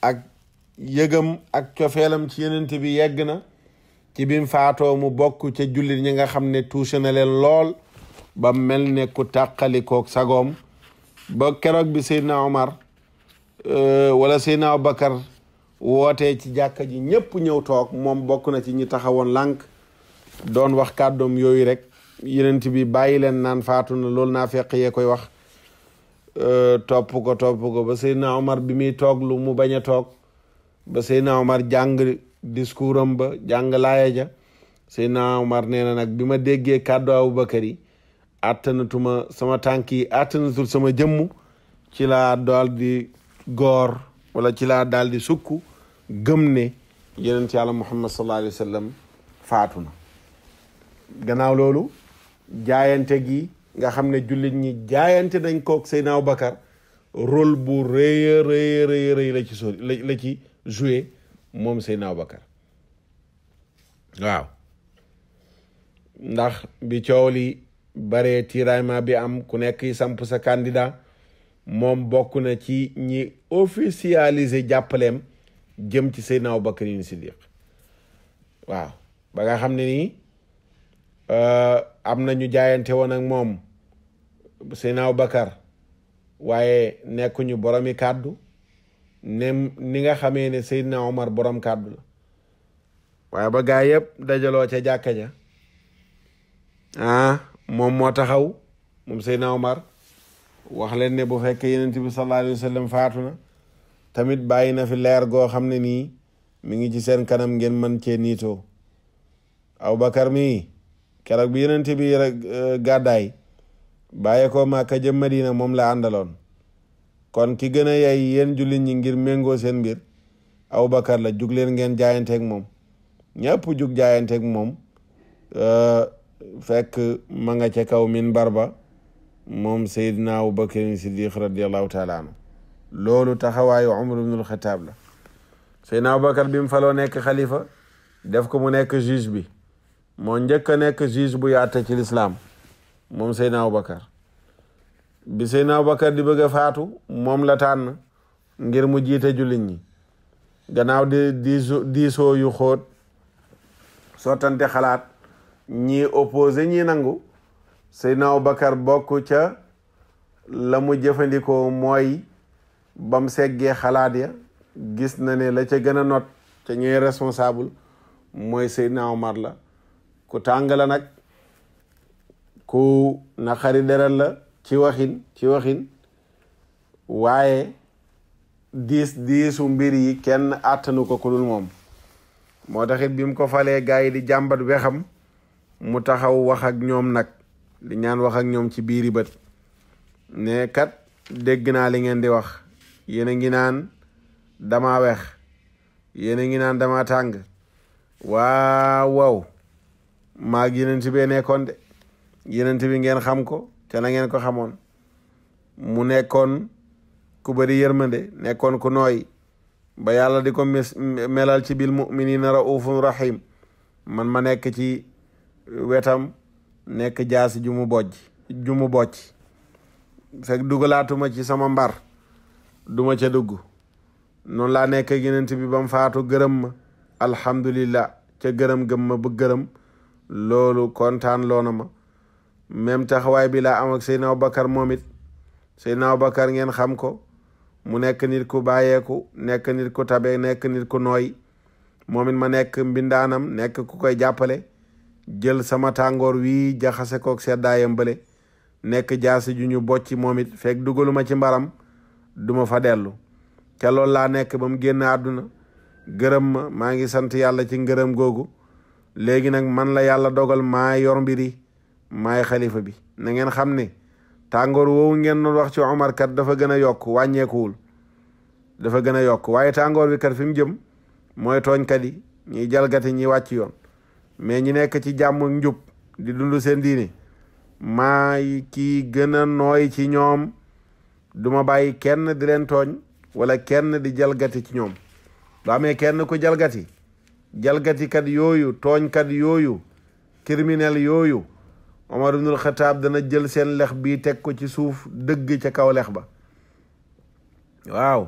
ak yëgam ak cofeelam ci yenent bi yegg na ci bim faatoo mu bokk ca jullit ñi nga xam ne touché na leen lool ba mel ne ku tàqalikoog sagoom ba keroog bi Seydina Omar euh, wala Seydina Abubakar wootee ci jàkka ji ñëpp ñëw toog moom bokk na ci ñi taxawoon lànk doon wax kàddoom yooyu rek yenent bi bàyyi leen naan faatu na loolu naa fekk yee koy wax Euh, topp ko topp ko ba Seydina Omar bi muy toog lu mu bañ a toog ba Seydina Omar jàng discours am ba jàng laaya ja Seydina Omar nee na nag bi ma déggee kàddu Abubakar yi attanatuma sama tànk yi attanatul sama jëmm ci laa daal góor wala ci laa daal di sukk gëm ne yenent yàlla muhammad sallallahu alayhi wa sallam faatu na loolu jaayante gi nga xam ne jullit ñi jaayante nañ kook Seydina Abubakar rôle bu rëy rëy rëy la ci so la ci joué moom Seydina Abubakar waaw ndax bi coow li baree tiraillement bi am ku nekk samp sa candidat moom bokk na ci ñi officialiser jàppaleem jëm ci Seydina Abubakar Siddiq waaw ba nga xam ne nii euh, am na ñu jaayante woon ak moom Seydina Abubakar waaye nekkuñu boromi kàddu ne ni nga xamee ne Seydina Omar borom kàddu la waaye ba gaa yëpp dajaloo ca jàkka ja ah moom moo taxaw moom Seydina Omar wax leen ne bu fekkee Yonent bi sallallahu alayhi faatu na tamit bàyyi na fi leer goo xam ne nii mi ngi ci seen kanam ngeen mën cee niitoo Abubakar mii keroog bi yenente bi eh, gàddaay bàyyee ko Màkka jëm Madina moom la àndaloon kon ki gën a yay yéen jullit ñi ngir méngoo seen mbir Abubakar la jug leen ngeen jaayanteeg moom ñëpp jug jaayanteeg moom eh, fekk ma nga ca kaw min barba moom Seydina Abubakar Siddiq radiallahu taala anhu loolu taxawaayu Umar ibnul Xataab la Seydina Abubakar bi mu faloo nekk xalifa def ko mu nekk juge bi moo njëkk a nekk juge bu yaate ci lislaam moom Seydina Aboubacar bi Seydina Aboubacar di bëgg a faatu moom la tànn ngir mu jiite jullit ñi ganaaw di diiso diisoo yu xóot sottante xalaat ñi opposé ñi nangu Seydina Aboubacar bokk ca la mu jëfandikoo mooy bam seggee xalaat ya gis na ne la ca gën a not ca ñooy responsable mooy Seydina Omar la ku tàng la nag ku naqari deret la ci waxin ci waxin waaye diis disu mbir yi kenn àttanu ko ku moom moo taxit bi mu ko falee gars yi di jàmbat wexam mu taxaw wax ak ñoom nag di ñaan wax ak ñoom ci biiri bët ne kat dégg naa li ngeen di wax yéen a ngi naan dama wex yéen a ngi naan dama tàng waaw ma yeneen be bee nekkoon de bi ngeen xam ko te na ngeen ko xamoon mu nekkoon ku bëri yërmande nekkoon ko nooy ba yàlla di ko melal ci bil muminina raufun rahim man ma nekk ci wetam nekk jaasi ju mu bojj ju mu bocc fekk dugalaatuma ci sama mbar duma ca dugg noonu laa nekk yenent bi bam faato faatu gërëm ma alhamdulillah ca gërëm gëmma ma bu gërëm loolu kontaan loona ma même taxawaay bi laa am naw Seydina Aboubacar moom it Seydina ngeen xam ko mu nekk nit ku bàyyeeku nekk nit ku tabe nekk nit ku nooy moom ma nekk mbindaanam nekk ku koy jàppale jël sama tàngoor wii jaxase kook seddaayam bële nekk jaasi ju ñu bocci moom it fekk dugaluma ci mbaram duma fa dellu ca loolu laa nekk ba mu génn àdduna gërëm ma maa ngi sant yàlla ci ngërëm googu léegi nag man la yàlla dogal maa yor mbiri maay xalifa bi na ngeen xam ni tàngoor woowu ngeen doon wax ci Omar kat dafa gën a yokk wàññeekuwul dafa gën a yokk waaye tàngoor bi kat fi mu jëm mooy tooñkat yi ñuy jalgati ñi wàcc yoon mais ñi nekk ci jàmm njub di dund seen maa maay kii gën a nooy ci ñoom duma bàyyi kenn di leen tooñ wala kenn di jalgati ci ñoom ba amee ku jalgati jalgatikat yooyu tooñkat yooyu criminel yooyu Omar ibnul Xataab dana jël seen lex bii teg ko ci suuf dëgg ca kaw lex ba waaw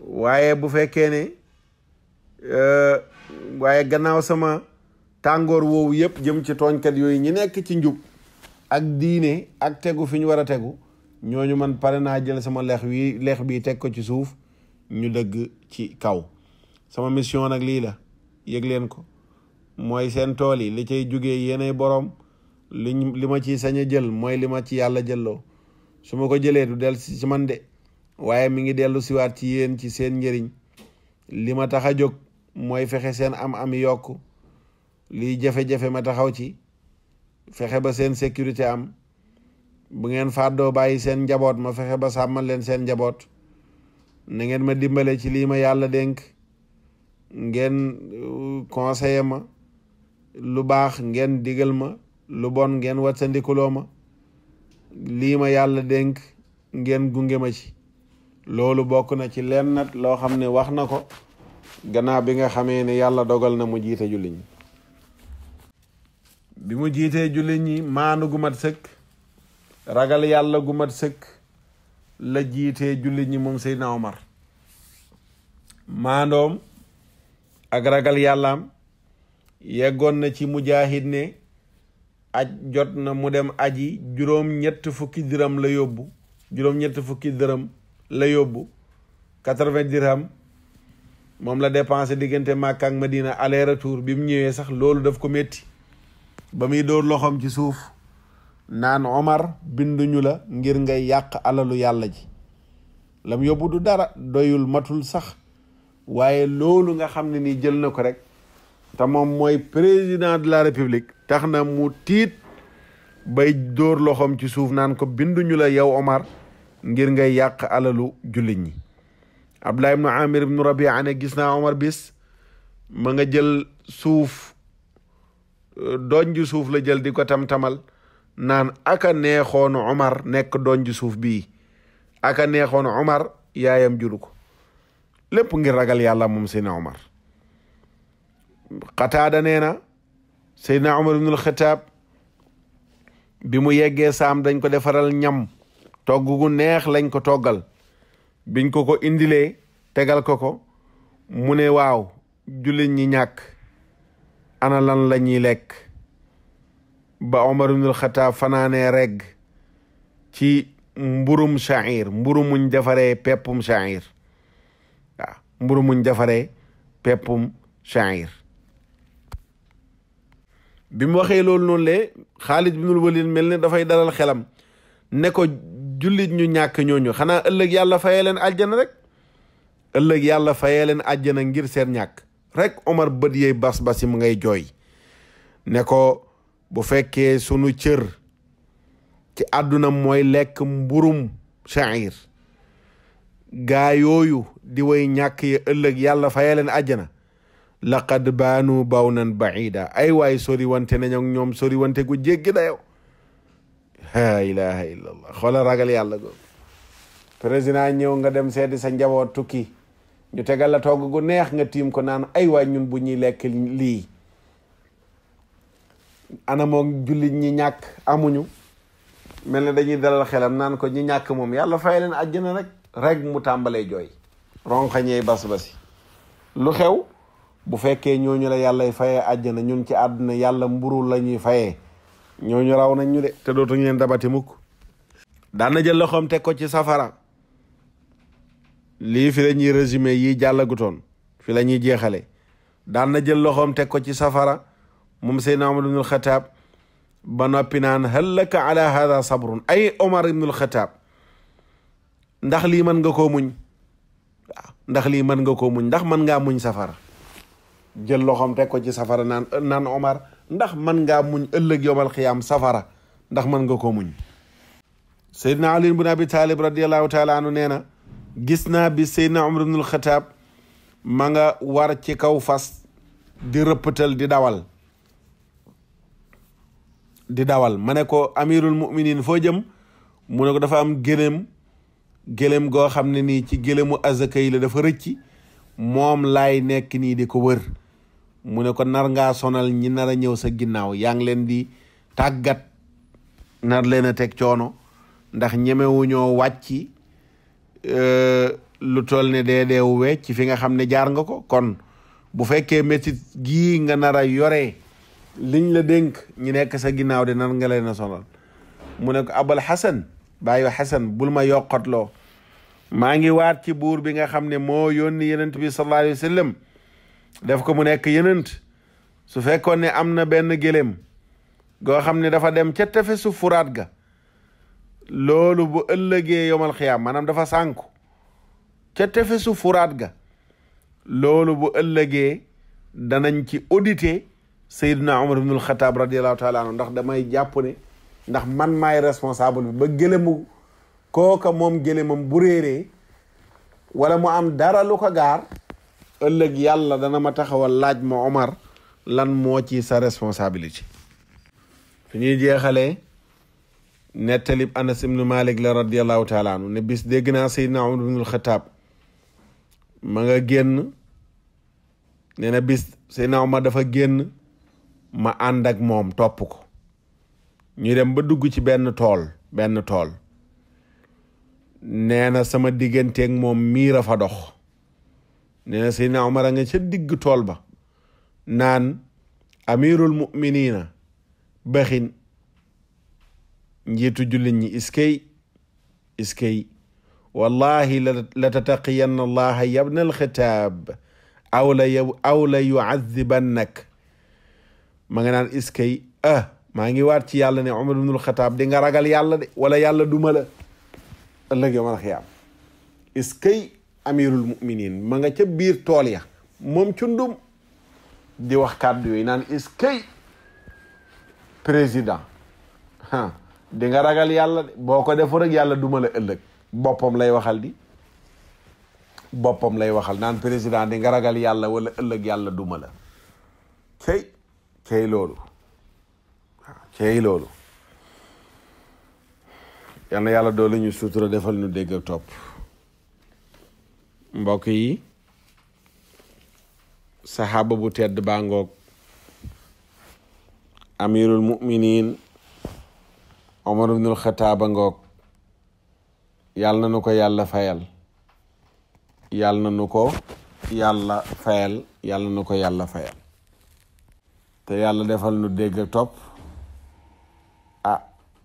waaye bu fekkee ne euh, waaye gannaaw sama tàngoor woowu yëpp jëm ci tooñkat yooyu ñu nekk ci njub ak diine ak tegu fi ñu war a tegu ñooñu man pare naa jël sama lex wi lex bi teg ko ci suuf ñu dëgg ci kaw sama mission nag lii la yëg leen ko mooy seen tool yi li cay jugee yéenay boroom li li ma ci sañ a jël mooy li ma ci yàlla jëlloo su ma ko jëlee du del si man de waaye mi ngi dellu siwaat ci yéen ci seen njëriñ li ma tax a jóg mooy fexe seen am-am yokk liy jafe-jafe ma taxaw ci fexe ba seen sécurité am bu ngeen fàddoo bàyyi seen njaboot ma fexe ba sàmmal leen seen njaboot na ngeen ma dimbale ci lii ma yàlla dénk ngeen euh, conseiller ma lu baax ngeen digal ma lu bon ngeen wattandikuloo ma lii ma yàlla dénk ngeen gunge ma ci loolu bokk na ci leen nag loo xam ne wax na ko gannaaw bi nga xamee ne yàlla dogal na mu jiite jullit ñi bi mu jiitee jullit ñi maanu gu mat sëkk ragal yàlla gu mat sëkk la jiite jullit ñi moom Seydina Omar maandoom ak ragal yàllaam yeggoon na ci mujaahid ne aj jot na mu dem aji juróom-ñett fukki dërëm la yóbbu juróom-ñett fukki dërëm la yóbbu quatre-vingts dirham moom la dépensé diggante Makka ma dina aller tour bi mu ñëwee sax loolu def ko metti ba muy doo loxoom ci suuf naan Omar binduñu la ngir ngay yàq alalu yàlla ji lam yóbbu du dara doyul matul sax waaye loolu nga xam ne nii jël na ko rek te moom mooy président de la république tax na mu tiit bay dóor loxoom ci suuf naan ko binduñu la yow Omar ngir nga yàq alalu jullit ñi Abdullah ibnu Amir ibnu Rabia ne gis naa Omar bis ma nga jël suuf donj suuf la jël di ko tam-tamal naan aka neexoon Omar nekk donj suuf bii aka neexoon Omar yaayam juru ko lépp ngir ragal yàlla moom Seydina Omar Qataada nee na Seydina Omar ibnul bi mu yeggee saam dañ ko defaral ñam togg gu neex lañ ko toggal biñ ko ko indilee tegal ko ko mu ne waaw jullit ñi ñàkk ana lan la lekk ba Omar ibnul Xataab fanaanee regg ci mburum sha'ir mburu muñ defaree peppum sha'ir mburu muñ defaree peppum sha'ir bi mu waxee loolu noonu lee Xaalid ibnul Walid mel ne dafay dalal xelam ne ko jullit ñu ñàkk ñooñu xanaa ëllëg yàlla fayee leen àjjana rek ëllëg yàlla fayee leen àjjana ngir seen ñàkk rek Omar bët yeey bas basi mu ngay jooy ne ko bu fekkee sunu cër ci àdduna mooy lekk mburum sha'ir gaa yooyu di way ñàkk ya ëllëg yàlla fayaleen àjjana laqad baanu bawnan baida ay waay sori wante nañ ñoom sori wante gu jéggi dayow la ilaha illa allah xoola ragal yàlla googu ñëw nga dem seedi sa njaboot tukki ñu tegal la togg gu neex nga tiim ko naan ay waay ñun bu ñuy lekk lii ana moom jullit ñi ñàkk amuñu mel ne dañuy dalal xelam naan ko ñi ñàkk moom yàlla fay leen àjjana rek rek mu tàmbalee jooy ronxañee bas basi lu xew bu fekkee ñooñu la yàllay fayee àjjana ñun ci àdduna yàlla mburu la ñuy fayee ñooñu raw nañ ñu te dootu leen dabati mukk daan na jël loxoom teg ko ci safara lii fi la ñuy résumé yi jàllagutoon fi la ñuy jeexale daan na jël loxoom teg ko ci safara moom Seydina Omar ibnul Xataab ba noppi naan hal laka ala hada sabrun ay Omar ibnul Xataab ndax lii mën nga ko muñ ndax lii mën nga koo muñ ndax mën ngaa muñ safara jël loxoom teg ko ci safara naan naan Omar ndax mën ngaa muñ ëllëg yowmal xiyaam safara ndax mën nga ko muñ Seydina Ali ibn bi Talib radiallahu taala anhu nee na gis naa bi Seydina Umar ibnul Xataab ma nga war ci kaw fas di rëppatal di dawal di dawal ma ne ko amirul muminin foo jëm mu ne ko dafa am généem gëlëm goo xam ne nii ci gëlëmu azaka yi la dafa rëcci moom lay nekk nii di ko wër mu ne ko nar ngaa sonal ñi nar a ñëw sa ginnaaw yaa ngi leen di tàggat nar leen a teg coono ndax ñemewuñoo wàcci e, lu toll ne dee deewu we ci fi nga xam ne jaar nga ko kon bu fekkee métit gii nga nar a yoree liñ la dénk ñu nekk sa ginnaaw de nar nga leen a sonal mu ne ko abal xasan bàyyi xasan bul ma yokkatloo maa ngi waat ci buur bi nga xam ne moo yónni yenent bi sallallahu alayhi def ko mu nekk yenent su fekkoon ne am na benn gëléem goo xam ne dafa dem ca tefesu furat ga loolu bu ëllëgee yomal xiyaam maanaam dafa sànku ca tefesu furaat ga loolu bu ëllëgee danañ ci audité Seydina Umar ibnul Xataab radiyallahu taala anhu ndax damay jàpp ne ndax man maay responsable bi ba gëlëmu kooka moom gëlëmam bu réeree wala mu am dara lu ko gaar ëllëg yàlla dana ma taxawal laaj ma Omar lan moo ci sa responsabilité fi jeexale jeexalee nettalib anas ibnu malik la radiallahu taala anhu ne bis dégg naa seydna umar ibnul xataab ma nga génn ne na bis umar dafa génn ma ànd moom topp ko ñu dem ba dugg ci benn tool benn tool nee na sama digganteeg moom miir a fa dox nee na Seydina Omar a nga ca digg tool ba naan amirul muminina baxin njiitu jullit ñi iskay iskay wallahi la tattaqiyanna allaha yabna alxitaab aw la aw la yuazibannak ma nga naan iskay ah maa ngi waat ci yàlla ne Omar ibnul Xataab di nga ragal yàlla de wala yàlla duma la ëllëg yow man xiyaam is kay amirul muminin ma nga ca biir tool ya moom cundum di wax kàddu yooyu naan is kay président ah di nga ragal yàlla de boo ko defu rek yàlla duma la ëllëg boppam lay waxal di boppam lay waxal naan président di nga ragal yàlla wala ëllëg yàlla duma la kay loolu cey loolu yal na yàlla doolu ñu sutura defal ñu dégg ak topp mbokk yi saxaaba bu tedd baa ngoog amirul muminin omar ibnul xataaba ngoog yal na nu ko yàlla fayal yal na nu ko yàlla fayal yal na nu ko yàlla fayal te yàlla defal nu dégg ak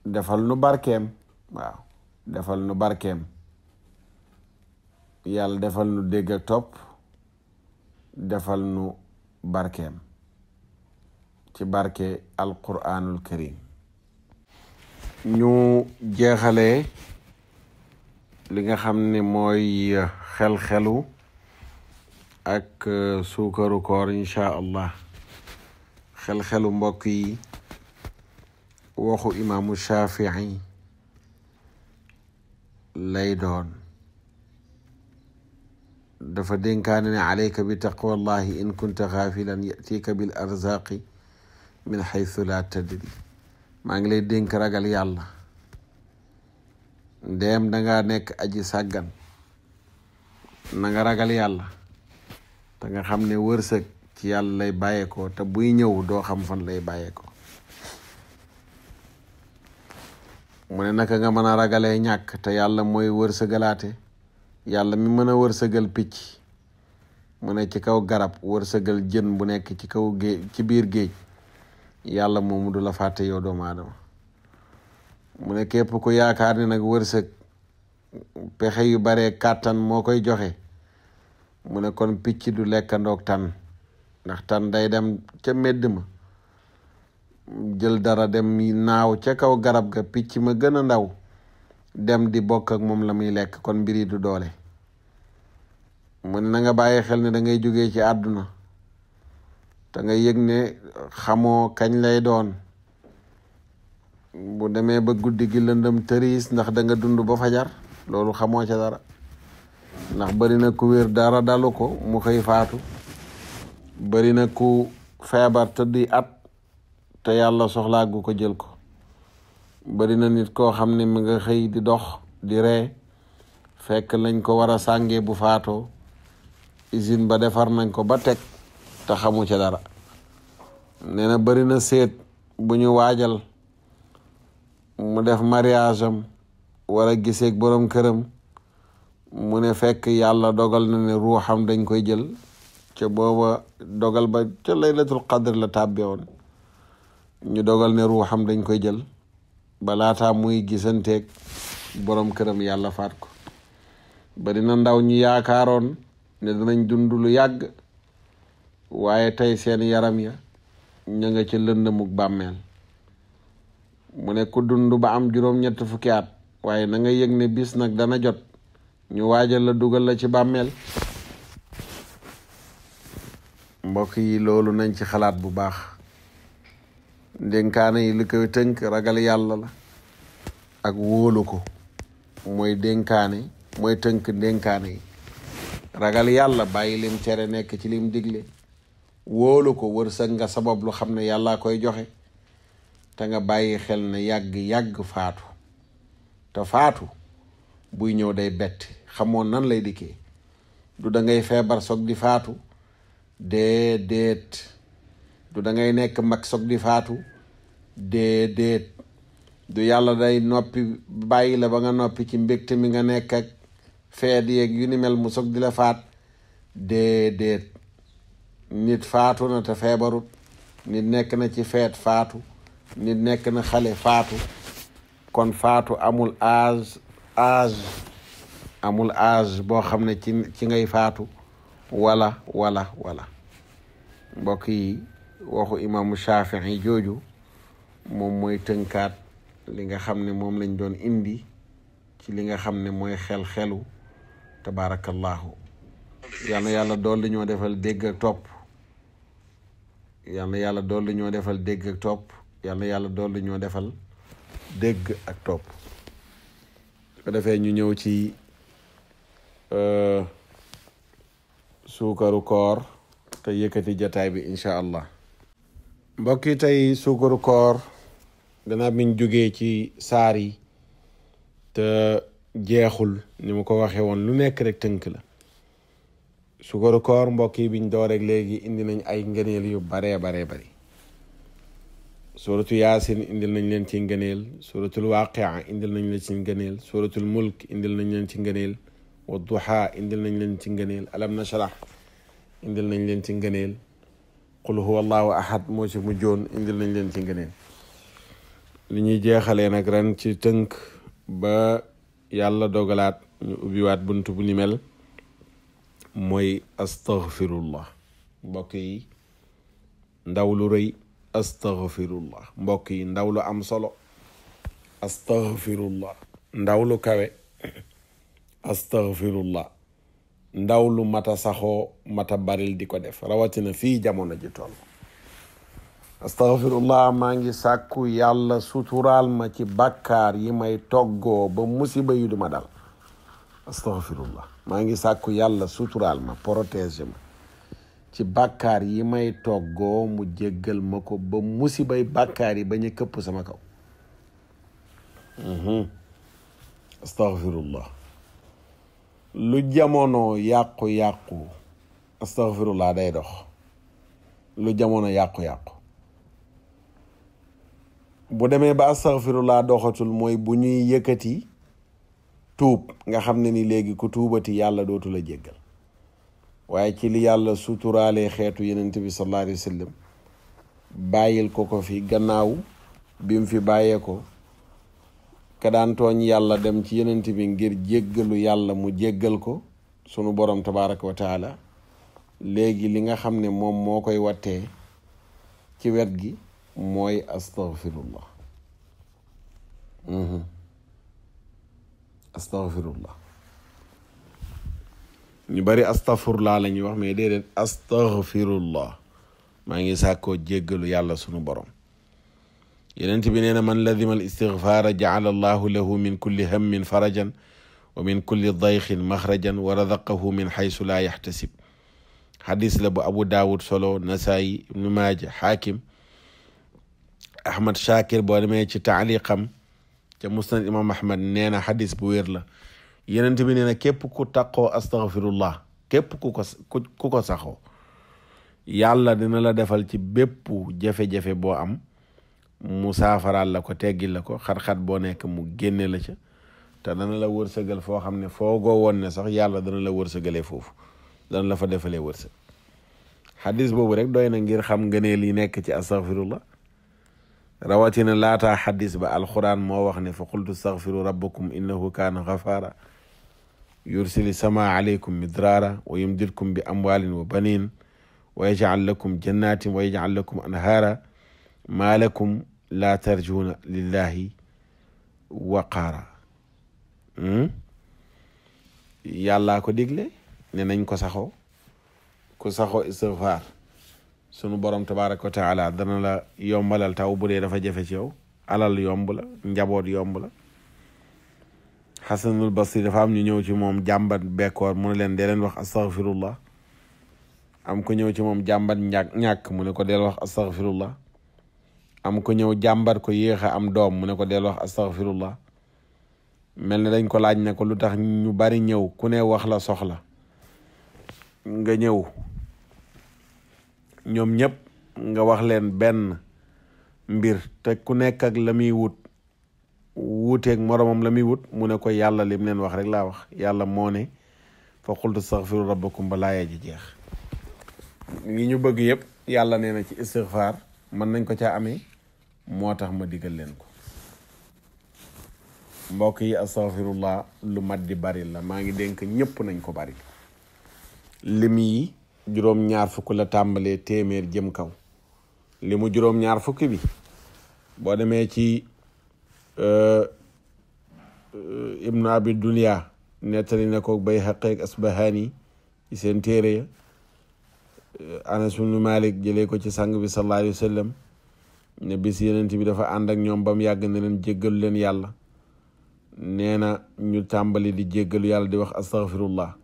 defal nu barkem waaw defal nu barkem yàlla defal nu dégg ak topp defal nu barkem ci barke alquranul karim ñu jeexale li nga xam ni mooy xel-xelu ak suukaru koor incha allah xel-xelu mbokk yi waxu imaamu shafii lay doon dafa dénkaane ne alayka bi taqwallahi in kunta xaafilan yatika bil arzaqi min xaytu laa tadri maa ngi lay dénk ragal yàlla ndéem dangaa nekk aji sàggan na nga ragal yàlla te nga xam ne wërsëg ci yàlla lay bàyyeekoo te buy ñëw doo xam fan lay bàyyeekoo mu ne naka nga mën a ragalee ñàkk te yàlla mooy wërsëgalaate yàlla mi mën a wërsëgal picc mu ne ci kaw garab wërsëgal jën bu nekk ci kaw géej ci biir géej yàlla mu du la fàtte yow mu ne képp ku yaakaar ni nag wërsëg pexe yu baree kàttan moo koy joxe mu ne kon picc du lekkandoog tan ndax tan day dem ca medd jël dara dem naaw ca kaw garab ga picc ma gën a ndaw dem di bokk ak moom la muy lekk kon mbir du doole mu ne na nga bàyyi xel ne dangay ngay ci àdduna te nga yëg ne xamoo kañ lay doon bu demee ba guddi gi lëndëm tëriis ndax danga nga dund ba fajar loolu xamoo ca dara ndax bari na ku wér dara dalu ko mu koy faatu bari ku feebar tëddi at te yàlla soxlaa gu ko jël ko bari na nit koo xam ne mi nga xëy di dox di ree fekk lañ ko war a sàngee bu faatoo usine ba defar nañ ko ba teg te xamu ca dara nee na bari na seet bu ñu waajal mu def mariage am war giseek giseeg borom këram mu ne fekk yàlla dogal na ne ruuxam dañ koy jël ca booba dogal ba ca laylatul qadr la tàbbe woon ñu dogal ne ruuxam dañ koy jël balaataa muy gisanteeg borom këram yàlla faat ko bari na ndaw ñu yaakaaroon ne danañ dund lu yàgg waaye tey seen yaram ya ña nga ca lëndëmug bàmmeel mu ne ku dund ba am juróom-ñett fukki at waaye nanga yëg ne bis nag dana jot ñu waajal la dugal la ci bàmmeel mbokk yi loolu nañ ci xalaat bu baax dénkaane yi li koy tënk ragal yàlla la ak wóolu ko mooy dénkaane mooy tënk dénkaane yi ragal yàlla bàyyi lim cere nekk ci lim digle wóolu ko wërsëg nga sabab lu xam ne yàllaa koy joxe te nga bàyyi xel ne yàgg-yàgg faatu te faatu buy ñëw day bett xamoon nan lay dikkee du da feebar soog di faatu déedéet du da ngay nekk mag soog di faatu déedéet du yàlla day noppi bàyyi la ba nga noppi ci mbégte mi nga nekk ak feet yeeg yu ni mel mu soog la faat déedéet nit faatu na te feebarut nit nekk na ci feet faatu nit nekk na xale faatu kon faatu amul âge âge amul âge boo xam ne ci ngay faatu wala wala wala mbokk yi waxu imaamu Shafii jooju moom mooy tënkaat li nga xam ne moom lañ doon indi ci li nga xam ne mooy xel-xelu tabaarakallaahu yal na yàlla dool li defal dégg ak topp yal na yàlla dool li defal dégg ak topp yal yàlla dool li defal dégg ak topp su ñu ñëw ci euh, suukaru koor te yëkkati jataay bi incha allah mbokk yi tey suukaru koor gannaaw biñ ci saar yi te jeexul ni mu ko waxee woon lu nekk rek tënk la suukaru koor mbokk yi biñ door léegi indi nañ ay ngëneel yu baree baree bari suratul yaasin indil nañ leen ci ngëneel suratul waaqia indil nañ leen ci ngëneel suratul mulk indil nañ leen ci ngëneel wadduha indil nañ leen ci ngëneel alam nashrah indil nañ leen ci ngëneel qul huwa allahu ahad moo ci mujjoon indil nañ leen ci ngëneen li ñuy jeexalee nag ren ci tënk ba yàlla dogalaat ñu ubbiwaat bunt bu ni mel mooy astaghfirullah mbokk yi ndaw lu rëy astaghfirullah mbokk yi ndaw lu am solo astaghfirullah ndaw lu kawe astaghfirullah ndaw lu mata saxoo mata baril di ko def rawatina fii jamono ji toll astaghfirullah maa ngi sàkku yàlla suturaal ma ci bàkkaar yi may toggoo ba musiba yu duma dal astaghfirullah maa ngi sàkku yàlla suturaal ma protéger ci bàkkaar yi may toggoo mu jéggal ma ko ba musibay bàkkaar yi bañ a këpp sama kaw mhm. astaghfirullah lu jamono yàqu-yàqu astaghfirullah day dox lu jamono yàqu-yàqu bu demee ba astaghfirullah doxatul mooy bu ñuy yëkkati tuub nga xam ne ni léegi ku tuubati yàlla dootul a jéggal waaye ci li yàlla suturaalee xeetu yenent bi sallallahu alayhi bàyyil ko ko fi gannaaw bi mu fi bàyyee ko ka yàlla dem ci yenent bi ngir jéggalu yàlla mu jéggal ko sunu borom tabaraka wa léegi li nga xam ne moom moo koy wattee ci wet gi mooy astaghfirullah mhm. astaghfirullah ñu bari astaghfirullah la ñuy wax mais déedéet astaghfirullah maa ngi sàkkoo jéggalu yàlla sunu borom yenent bi nee na man lazima al istigfaara jaala allahu lahu min kulli hammin farajan wa min kulli dayxin maxrajan wa razaqahu min xaysu laa yaxtasib xadis la bu abu daawud solo nasaayi ibnu maaja xaakim ahmad shakir boo demee ci taaliqam ca musnad imam ahmad nee na xadis bu wér la yenent bi nee na képp ku taqoo astagfirullah képp ku ko ku ko saxoo yàlla dina la defal ci bépp jafe-jafe boo am mu saafaraal la ko teggil la ko xat-xat boo nekk mu génne la ca te dana la wërsëgal foo xam ne foogoo woon ne sax yàlla dana la wërsëgalee foofu dana la fa defalee wërsëg xadis boobu rek doy na ngir xam ngëneel yi nekk ci astaghfirullah rawatina laataa xadis ba alquran moo wax ne fa qultu astaghfiru rabbakum innahu kaana ghafaara yursili sama aleykum midraara wa yumdidkum bi amwaalin wa baniin wa yajcal lakum jannatin wa yajcal lakum anhaara maa lakum laa tarjuuna lillahi waqaara yàllaa ko digle ne nañ ko saxoo ko saxoo istighfar sunu borom tabaraka wa la yombalal taw bu dee dafa jafe ci yow alal yomb njaboot yomb la xasanul basri dafa am ñu ñëw ci moom jàmbat bekkoor mu ne leen dee leen wax astaghfirullah am ko ñëw ci moom jàmbat ñàkk ñàkk mu ne ko deel wax astaghfirullah am ko ñëw jàmbar ko yéex a am doom mu ne ko del wax astaghfirullah mel na dañ ko laaj ne ko lu tax ñu bari ñëw ku ne wax la soxla nga ñëw ñoom ñëpp nga wax leen benn mbir te ku nekk la muy wut wuuteeg moroomam la muy wut mu ne ko yàlla lim leen wax rek laa wax yàlla moo ne fa qultu astaghfiru rabbakum ba laaya ji jeex yi ñu bëgg yëpp yàlla nee na ci istighfar mën nañ ko caa amee moo tax ma digal leen ko mbokk yi astaghfirullah lu mat di bari la maa ngi dénk ñépp nañ ko bari lim yi juróom ñaar fukk la tàmbalee téeméer jëm kaw li mu juróom ñaar fukk bi boo demee ci euh, euh, ibnu abi dunya nettali na ko bay xaqeeg asbahani ci seen téere ya nu ibnu malik jëlee ko ci sang bi sallallahu alayhi ne bis yenent bi dafa ànd ak ñoom ba mu yàgg ne leen jéggalu leen yàlla nee na ñu tàmbali di jéggalu yàlla di wax astaghfirullah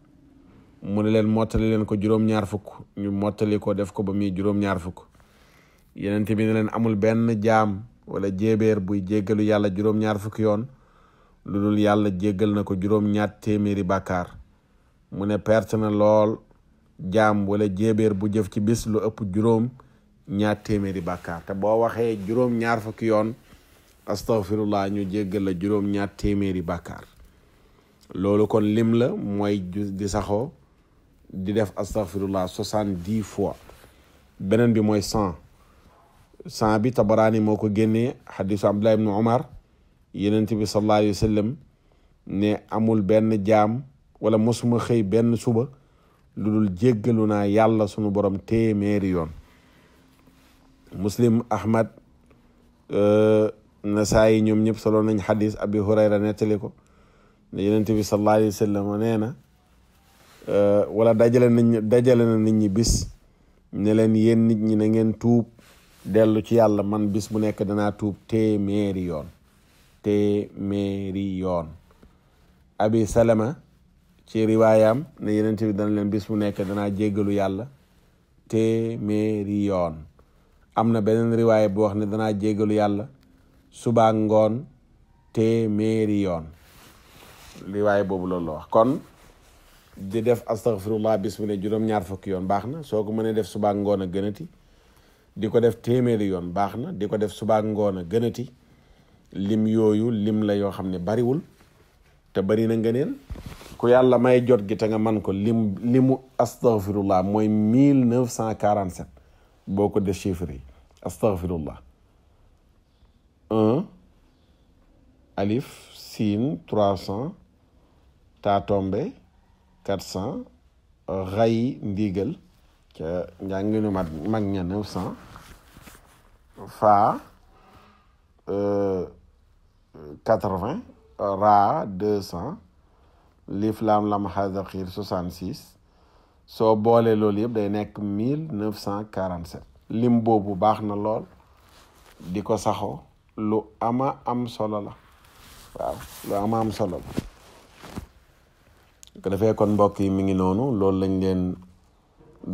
mu ne leen mottali leen ko juróom-ñaar fukk ñu mottali ko def ko ba muy juróom-ñaar fukk yenent bi ne leen amul benn jaam wala jéebéer bu jéggalu yàlla juróom-ñaar fukk yoon lu dul yàlla jéggal na ko juróom-ñaat téeméeri bàkkaar mu ne perte na lool jaam wala jéebéer bu jëf ci bis lu ëpp juróom ñaar téeméeri bàkkaar te boo waxee juróom ñaar fukki yoon astaghfirullah ñu jéggal la juróom ñaar téeméeri bàkkaar loolu kon lim la mooy di saxoo di def astaghfirullah soixante-dix fois beneen bi mooy cent cent bi tabaraani moo ko génnee xadisu abdullah ibnu omar yenent bi sallallahu alayhi wa amul benn jaam wala masuma xëy benn suba lu dul jéggalu na yàlla sunu borom téeméeri yoon muslim ahmad eh, nasaayi ñoom ñëpp solo nañ xadis abi hurayra nettali ko ne yonent bi sallallahu alayhi wa sallam nee eh, wala dajale nañ dajale na nit ñi bis ne leen yéen nit ñi na ngeen tuub dellu ci yàlla man bis bu nekk danaa tuub téeméeri yoon téeméeri yoon abi salama ci riwaayam ne yonent bi dana leen bis bu nekk danaa jéggalu yàlla téeméeri yoon am na beneen riwaay bu wax ne danaa jéggalu yàlla suba ngoon téeméeri yoon riwaay boobu loolu la wax kon di def astaghfirullah bismillah juróom-ñaar fukki yoon baax na soo ko mënee def suba ngoon a gënati di ko def téeméeri yoon baax na di ko def suba ngoon a gënati lim yooyu lim la yoo xam ne bariwul te bari na ngëneel ku yàlla may jot gi te nga man ko lim limu astaghfirullah mooy mille neuf cent quarante boo ko déchiffré astaghfirullah un alif siin trois cent taa tombe quatre cent xayi ndigal ca njànginu mag mag ña neuf cent faa euh, quatre vingt raa deux cent liif lam xaza soo boolee loolu yëpp day nekk mille neuf cent quarante sept lim boobu baax na lool di ko saxoo lu ama am solo la waaw lu ama am solo la ko defee kon mbokk yi mi ngi noonu loolu lañ leen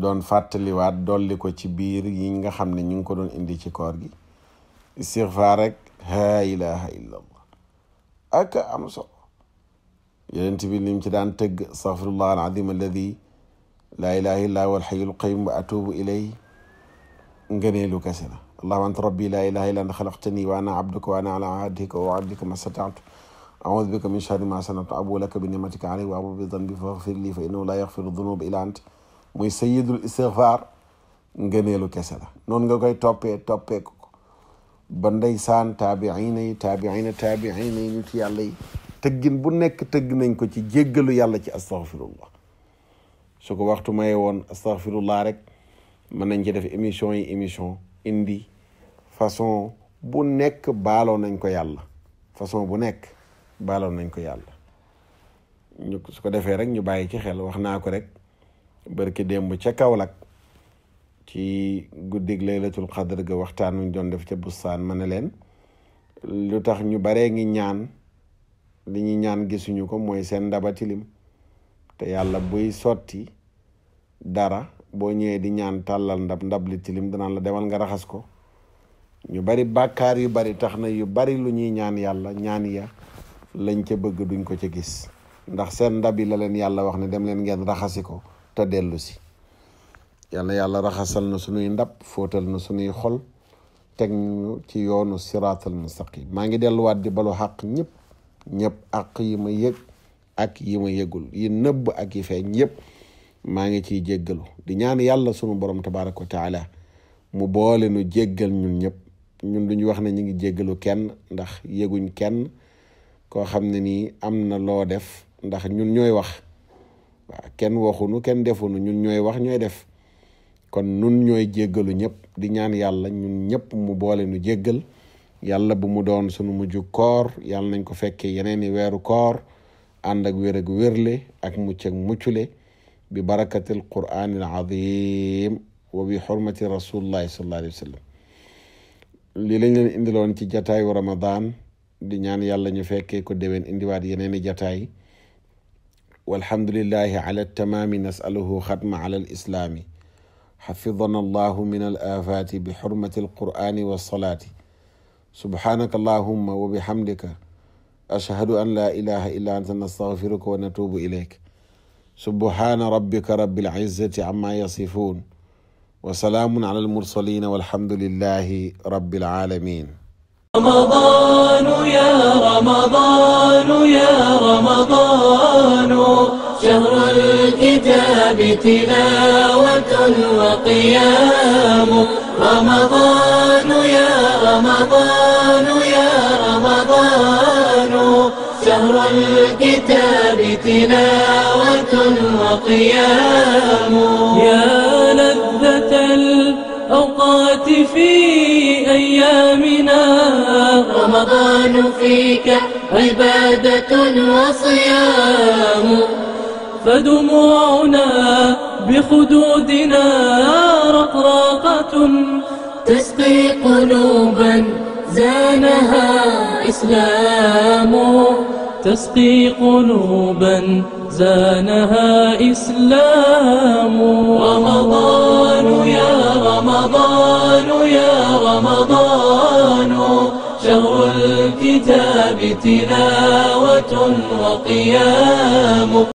doon fàttaliwaat dolli ko ci biir yi nga xam ne ñu ngi ko doon indi ci koor gi istixfaar rek laa ilaha illa allah ak am solo yonent bi lim ci daan tëgg astaghfirullah al azim alladi laa ilaha illa huwa alxayyul qayyum wa atubu ilayh ngëneelu kese la allahuma anta rabbi laa ilaha illa anta xalaqtani wa ana abduka wa ana ala ahdika wa waadika ma stataatu audu bika min charri ma sanatu abu laka bi nimatika alay wa abu bi danbi faxfir lii fa innahu laa yaxfiru dunuba illa ant muy sayidul istigfaar ngëneelu kese la noonu nga koy toppee toppee ko ba ndeysaan taabiina yi taabiina taabiina yi ñu ci yàlla yi tëggin bu nekk tëgg nañ ko ci jéggalu yàlla ci astaghfirullah su ko waxtu maye woon astaghfirullah rek mën nañ ci def émission yi émission indi façon bu nekk baaloo nañ ko yàlla façon bu nekk baaloo nañ ko yàlla ñu su ko defee rek ñu bàyyi ci xel wax naa ko rek barki démb ca Kaolack ci guddig laylatul xadr ga waxtaan ñu doon def ca bustaan ma ne leen lu tax ñu baree ngi ñaan li ñu ñaan gisuñu ko mooy seen ndaba tilim te yàlla buy sotti dara boo ñëwee di ñaan tàllal ndab ndab li tilim danaan la demal nga raxas ko ñu bari bakkaar yu bari tax na yu bari lu ñuy ñaan yàlla ñaan ya lañ ca bëgg duñ ko ca gis ndax seen ndab yi la leen yàlla wax ne dem leen ngeen raxasi ko te dellu si yàlla yàlla raxasal na sunuy ndab fóotal na sunuy xol teg ñu ci yoonu saq yi maa ngi delluwaat di balu xàq ñëpp ñëpp àq yi ma yëg ak yi ma yëgul yi nëbb ak yi feeñ yëpp maa ngi ciy jéggalu di ñaan yàlla sunu borom tabaraka wa taala mu boole nu jéggal ñun ñëpp ñun duñu wax ne ñu ngi jéggalu kenn ndax yëguñ kenn koo xam ne nii am na loo def ndax ñun ñooy wax waaw kenn waxunu kenn defunu ñun ñooy wax ñooy def kon nun ñooy jéggalu ñëpp di ñaan yàlla ñun ñëpp mu boole nu jéggal yàlla bu mu doon sunu mujj koor yàlla nañ ko fekkee yeneen i weeru koor ànd ak wér ak wérle ak mucc ak muccule bi barakati alqur'ani alazim wa bi xurmati rasulillahi sallallahu alayhi wa sallam lii lañ leen indiloon ci jataayu ramadan di ñaan yàlla ñu fekkee ko déwén indiwaat yeneeni jataay walhamdulillahi ala tamaami nasaluhu xatma ala alislaami xafidana allahu min alaafaati bi xurmati alqur'ani wassalaati subhaanaka allahumma wa bihamdika ashhadu an laa ilaha illa anta nastaghfiruka wa natubu ilayk subhaana rabbika rabbil izzati amma yasifuun wa salaamun ala almursaliin walhamdulillahi rabbil aalamiin رمضان يا رمضان يا رمضان شهر الكتاب تلاوة وقيام رمضان يا رمضان يا رمضان شهر الكتاب تلاوة وقيام يا لذة الأوقات في أيامنا رمضان فيك عبادة وصيام فدموعنا بخدودنا رقراقة تسقي قلوبا زانها إسلام تسقي قلوبا زانها إسلام رمضان يا رمضان يا رمضان شهر الكتاب تلاوة وقيام